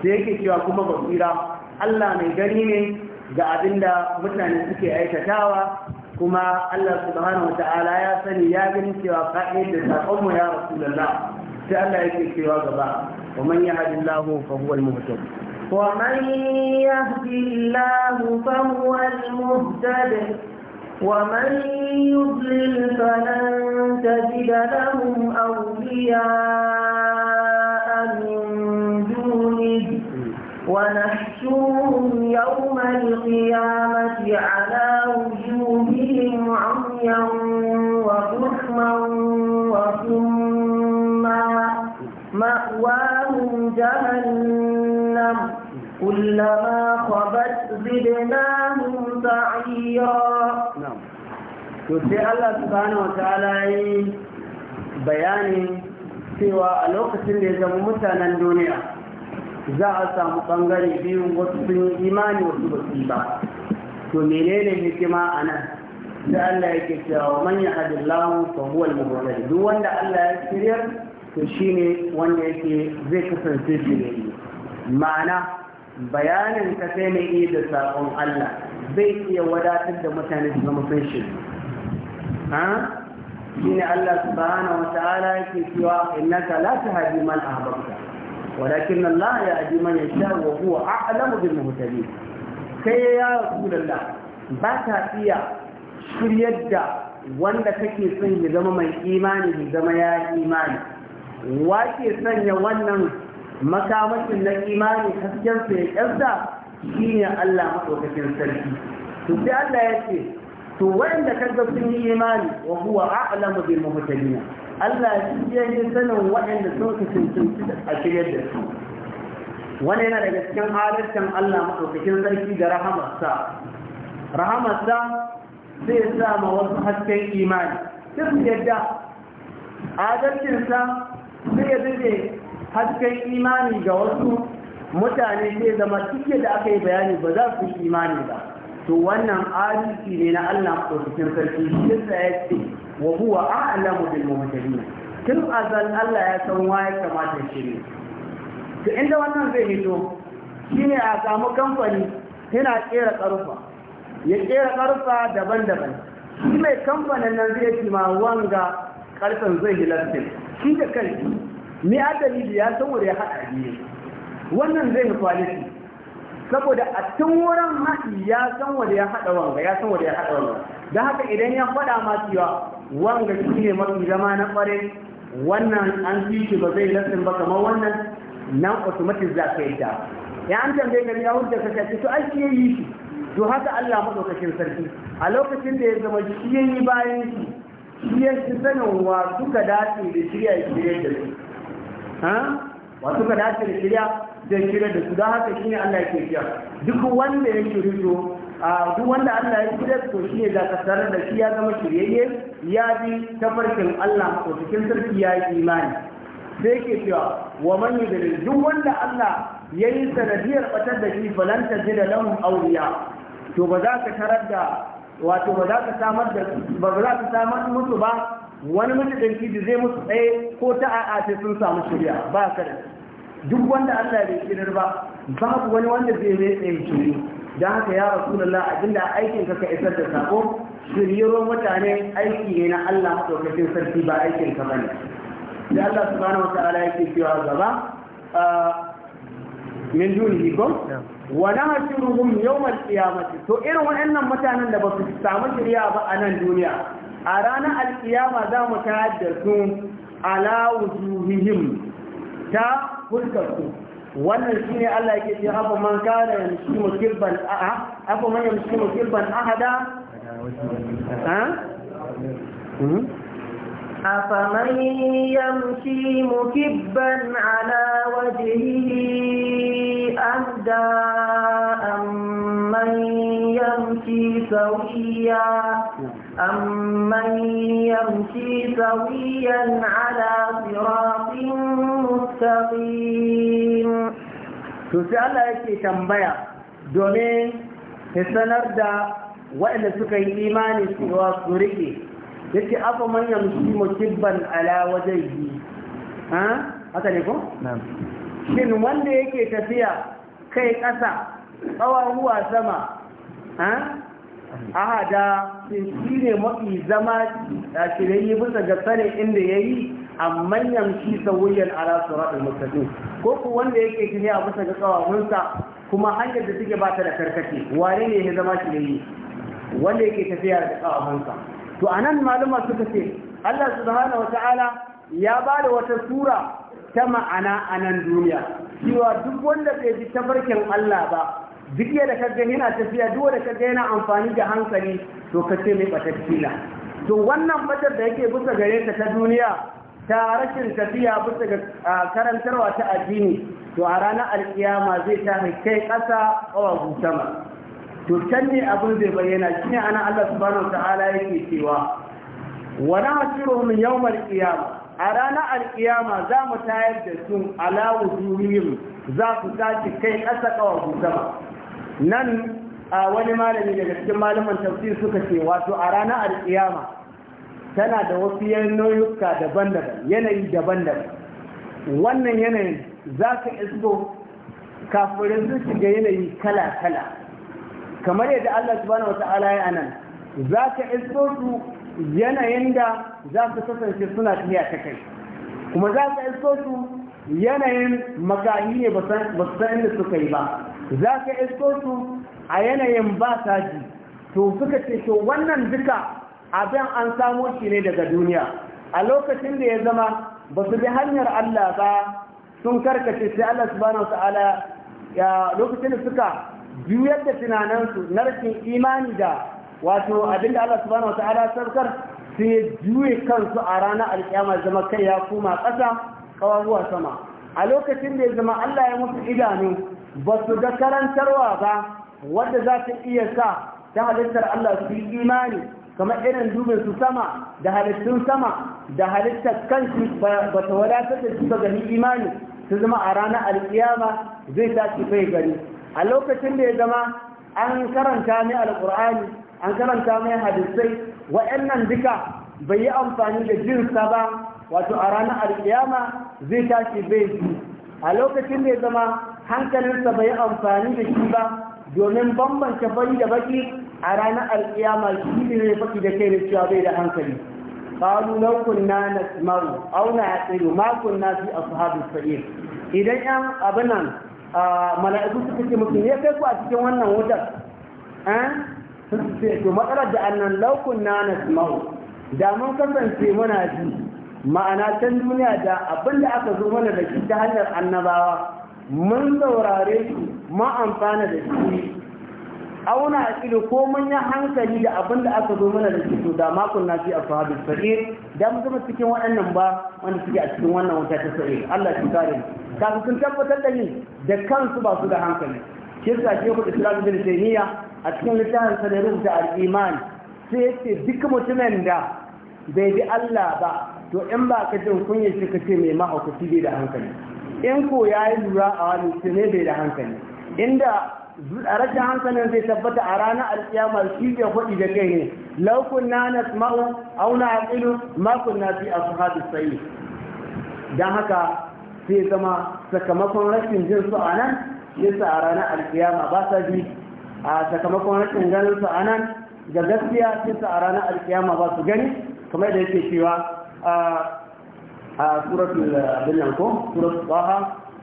sai yake cewa kuma basira Allah mai gani ne ga abinda mutane suke aikatawa kuma Allah subhanahu wata'ala ya sani ya gani cewa ka'id da sakon mu ya rasulullah sai Allah yake cewa gaba wa man yahdillahu fa huwa al-muhtad wa man yahdillahu fa huwa al-muhtad ومن يضلل فلن تجد لهم أولياء من دونه ونحشرهم يوم القيامة على وجوههم عميا وبكما وثم مأواهم جهنم كلما خبت زدناهم سعيرا to sai Allah subhanahu wa ta'ala yi bayani cewa a lokacin da ya zama mutanen duniya za a samu bangare biyu wasu sun yi imani wasu ba su ba to menene hikima a nan da Allah yake cewa man ya hadillahu fa huwa al duk wanda Allah ya shiryar to shine wanda yake zai kasance shi ne ma'ana bayanin ka sai yi da sakon Allah zai iya wadatar da mutane su zama sun shirya ha shine Allah subhanahu wataala yake cewa innaka la tahdi man ahbabta walakin Allah yahdi man yasha wa huwa a'lamu bil muhtadin kai ya rasulullah ba ka iya shiryar da wanda kake son ya zama mai imani ya zama ya imani wa ke sanya wannan makamashin na imani hasken sa ya kyanta shine Allah madaukakin sarki to sai Allah ya ce to da kaga sun yi imani wa huwa a'lamu bil muhtadin Allah shi ya yi sanin wayan wanda sun kasance a shiryar da su wani yana daga cikin halittar Allah madaukakin sarki da rahamarsa rahamarsa zai sa ma wasu hasken imani sai yadda adalcinsa zai rage hasken imani ga wasu mutane sai zama cike da aka yi bayani ba za su yi imani ba to wannan adalci ne na Allah kusurkin sarki shi sa ya ce wa huwa a'lamu bil muhtadin tun azal Allah ya san waye kamata shi ne to inda wannan zai hito shine a samu kamfani yana kera karfa ya kera karfa daban-daban shi mai kamfanin nan zai ci ma wanga karfin zai hilastin shi da kai ni adali ya san wuri ya haɗa wannan zai mutuwa ne saboda a tun wurin haɗi ya san wanda ya haɗa wanga ya san wanda ya haɗa wanga da haka idan ya faɗa ma cewa wanga shi ne mafi zama na ƙware wannan an fi shi ba zai lasin ba kamar wannan nan automatic za ka yadda ya an tambaye gari ya hujja ka ce, to ai ya yi shi to haka Allah maɗaukakin sarki a lokacin da ya zama shi ya yi bayan shi shi ya shi sanin wasu suka dace da shirya shirya da su wa suka dace da shirya zai shirya da su don haka shine Allah yake fiya duk wanda ya to a duk wanda Allah ya shirya to shi da zaka tarar da shi ya zama shiryayye ya bi tafarkin Allah ko cikin sarki ya yi imani sai yake cewa wa man yudlil duk wanda Allah ya yi sanadiyar batar da shi falanta jira lahum awliya to ba za ka tarar da wato ba za ka samar da ba za ka samar musu ba wani mutum da zai musu tsaye ko ta a'a sai sun samu shirya ba ka da duk wanda Allah bai kirar ba babu wani wanda zai mai tsaye shiri don haka ya rasu da rasulullah abinda aikin ka ka isar da sako shiriro mutane aiki ne na Allah madaukakin sarki ba aikin ka bane da Allah su subhanahu wa ta'ala yake cewa gaba min dunihi ko wa nahshuruhum yawm al-qiyamati to irin waɗannan mutanen da ba su samu shiriya ba a nan duniya a ranar alkiyama za mu tayar da su ala wujuhihim ta fuskarku wannan shine Allah yake ce afa man kana yamshi mukibban aha afa man hmm? yamshi mukibban ahada أفمن يمشي مكبا على وجهه أهدى أم من يمشي سويا أَمَّنْ يَمْشِي سَوِيًّا عَلَى صِرَاطٍ مُسْتَقِيمٍ Tosi Allah ya tambaya domin ya sanar da waɗanda suka yi imani su wa su ya ce afa manyan shi ala wajen yi, Shin wanda yake tafiya kai ƙasa, tsawon ruwa sama, ahada shi ne mafi zama da shirayi bisa ga sanin inda ya yi a manyan shi sauyin ala suratul mustaqim ko ku wanda yake shirya a bisa ga tsawonsa kuma hanyar da take ba ta da karkace wane ne ya zama shirayi wanda yake tafiya da tsawonsa to anan malama suka ce Allah subhanahu wata'ala ya ba da wata sura ta ma'ana a nan duniya cewa duk wanda bai ji tabarkin Allah ba duk da ka yana tafiya duk da ka yana amfani da hankali to ka ce mai batakkila to wannan batar da yake bisa gare ta duniya ta rashin tafiya bisa ga karantarwa ta addini to a ranar alkiyama zai tafi kai ƙasa kawa sama to can ne abin zai bayyana shi ne ana Allah subhanahu wa ta'ala yake cewa wa nahshuruhum yawmal qiyamah a ranar alkiyama za mu tayar da su alawu wujuhihim za su tashi kai ƙasa kawa sama nan a wani malami daga cikin malaman tafsir suka ce wato a ranar alkiyama tana da wasu nau'uka daban-daban yanayi daban-daban wannan yanayin za ka isgo kafirin sun shiga yanayi kala-kala kamar yadda Allah subhanahu wata'ala ya anan za ka isgo su yanayin da za su kasance suna tafiya ta kai kuma za ka isgo su yanayin makami ne ba san inda suka yi ba za ka isko su a yanayin ba ji to suka ce to wannan duka abin an samo shi ne daga duniya a lokacin da ya zama ba su bi hanyar Allah ba sun karkace sai Allah subhanahu ta'ala ya lokacin da suka juyar da tunaninsu na rashin imani da wato abin da Allah subhanahu ta'ala sarkar sai ya juye kansu a ranar alƙiyama zama kai ya koma ƙasa kawaruwa sama a lokacin da ya zama Allah ya musu idanu ba su ga karantarwa ba wadda za ta iya sa ta halittar Allah su yi imani kamar irin dubin su sama da halittun sama da halittar kansu ba ta wadatar da su ga imani su zama a ranar alkiyama zai tashi bai gari a lokacin da ya zama an karanta mai alkur'ani an karanta mai hadisai wa'annan duka bai yi amfani da jinsa ba wato a ranar alkiyama zai tashi bai ji a lokacin da ya zama hankalinsa bai amfani da shi ba domin bambance bai da baki a ranar alkiyama shi ne faɗi da kai da cewa bai da hankali qalu law kunna nasma'u aw na'qilu ma kunna fi ashabis sa'ir idan yan abinan mala'iku suka ce mutum ya kai ku a cikin wannan wutar eh? to matsalar da annan law kunna nasma'u da mun kasance muna ji ma'ana can duniya da abin da aka zo mana da shi ta hanyar annabawa mun saurare su mun amfana da shi auna a ido ko mun yi hankali da abin da aka zo mana da shi to da makon na fi ashabi sa'ir da mu zama cikin waɗannan ba wanda suke a cikin wannan wata ta sa'ir Allah ya kare mu kafin sun tabbatar da ni da kansu ba su da hankali kirka shehu islam bin taymiya a cikin littafin sa da rubuta al-iman sai yace duk mutumin da bai bi Allah ba to in ba ka jin kunya shi ka ce mai mahaukaci bai da hankali in ko ya yi lura a wani shi ne bai da hankali inda a rashin hankalin zai tabbata a ranar alkiyama shi ke kwaɗi da kai ne laukun na nasma'u auna aqilu makon na fi a su ashabi sai Don haka sai zama sakamakon rashin jin su a nan yasa a ranar alkiyama ba sa ji a sakamakon rashin ganin su a nan ga gaskiya yasa a ranar alkiyama ba su gani kamar da yake cewa a suratul abin nan ko suratul baha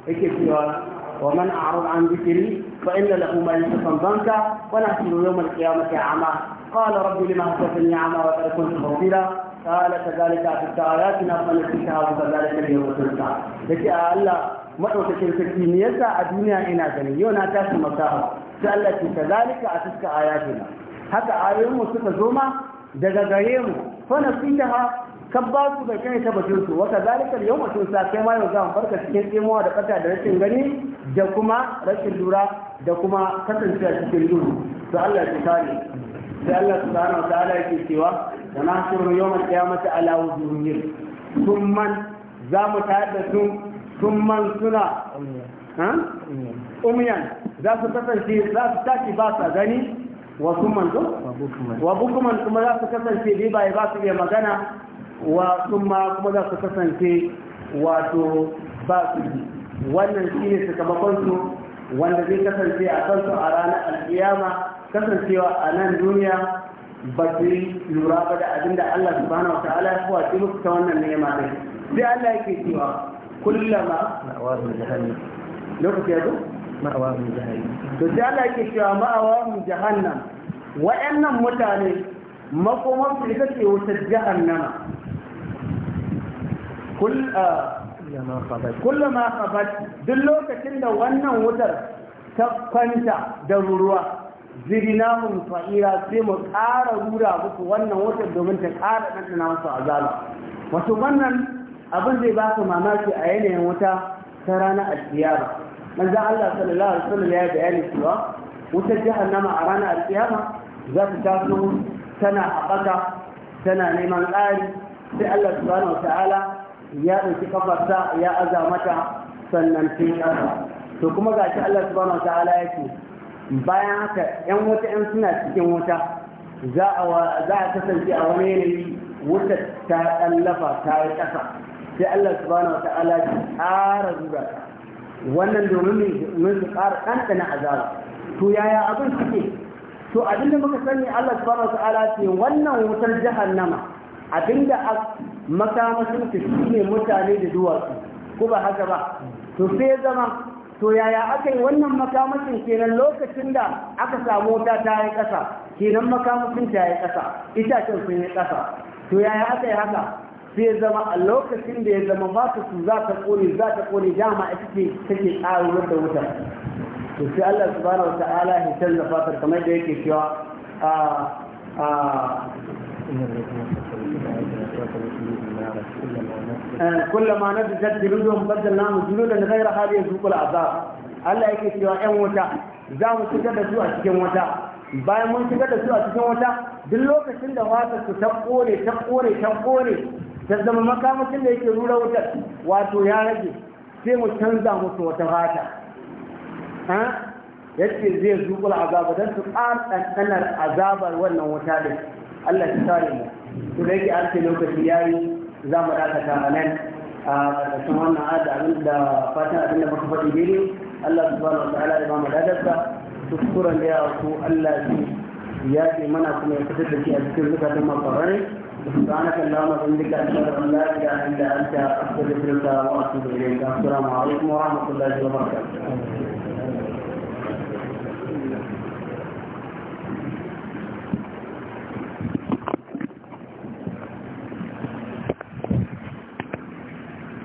yake cewa wa man a'rada an dhikri fa inna lahu ma yasfan banka wa nahshuru yawm al-qiyamati a'ma qala rabbi lima hasabtani a'ma wa qad kuntu basira قال كذلك أتت آياتنا فنسيتها وكذلك اليوم تنسى لكي Allah maɗaukacin sarki me yasa a duniya ina gani yau na tashi makaho sai Allah ce kazalika a tuska ayatina haka ayoyin mu suka zo ma daga gare mu fa nasitaha Kan ba su da kai ta batun su wa kazalika yawma tunsa kai ma yau za an farka cikin tsimuwa da kasa da rashin gani da kuma rashin lura da kuma kasancewa cikin duhu to Allah ya kare sai Allah subhanahu wa ta'ala yake cewa wa nahshuru yawmal qiyamati ala wujuhihim thumma za mu tayar da su thumma suna umyan za su kasance za su tashi ba sa gani wa thumma wa bukuman kuma za su kasance bai ba su iya magana wa ma kuma za su kasance wato ba su ji wannan shi ne sakamakon su wanda zai kasance a kansu a ranar alkiyama kasancewa a nan duniya ba su yi lura ba da abin da Allah subhanahu wa ta'ala ya kuwa ci ta wannan nema ne sai Allah yake cewa kullama lokaci ya zo ma'awahum jahannam to sai Allah yake cewa ma'awahum jahannam wa'annan mutane makomansu ita ce wutar jahannama Uh, kullum khabat duk lokacin da wannan wutar ta kwanta da ruwa zirinahun fa'ira sai mu ƙara rura musu wannan wutar domin ta ƙara ɗanɗana masu azaba wato wannan abin zai ba su mamaki a yanayin wuta ta rana alkiyama manzo Allah sallallahu alaihi wasallam ya bayani cewa wutar jahannama a rana alkiyama za ta taso tana haɓaka tana neman ƙari sai Allah subhanahu wa ta'ala ya ɗauki kafarsa ya aza mata sannan sai ƙasa to kuma ga shi Allah subhanahu ta'ala ya ce bayan haka yan wuta yan suna cikin wuta za a za a kasance a wani yanayi wuta ta ɗallafa ta yi ƙasa sai Allah subhanahu ta'ala ya ƙara zuba wannan domin mun su ƙara ɗanɗana azaba to yaya abin suke to abinda muka sani Allah subhanahu ta'ala ce wannan wutar jahannama abinda makamashin su ne mutane da duwatsu ko ba haka ba to sai ya zama to yaya aka yi wannan makamashin kenan lokacin da aka samu wuta ta yi ƙasa kenan makamashin ta yi ƙasa itacen sun yi ƙasa to yaya aka yi haka sai ya zama a lokacin da ya zama ba su su za ta kone za ta ƙone dama a cikin take ƙaruwar da wuta to sai Allah subhanahu wa ta'ala ya canza fatar kamar da yake cewa a ah, ah, كلما eh, na da zai jirgin baddal namu julu da zai raha da ya zuku azab Allah yake cewa ‘yan wuta za mu da su cikin wuta bayan mun shiga da su a cikin wuta duk lokacin da wata su ta kore ta kore ta kore, ta zama makamashin da yake rura wutar wato ya rage sai mu canza musu wata fata yadda zai zuƙula azaba don su ƙar ɗanɗanar azabar wannan wuta din Allah ya tsare mu to da yake an ce lokaci yayi za mu dakata a nan a ƙarƙashin wannan ada abin da fatan abin da muka faɗi daidai Allah subhanahu wa ta'ala ya ba mu dadarsa kuskuren da ya ku Allah ya ce mana kuma ya fitar da shi a cikin zukatan mafarare سبحانك اللهم وبحمدك اشهد ان لا اله الا انت استغفرك واتوب اليك السلام عليكم ورحمه الله وبركاته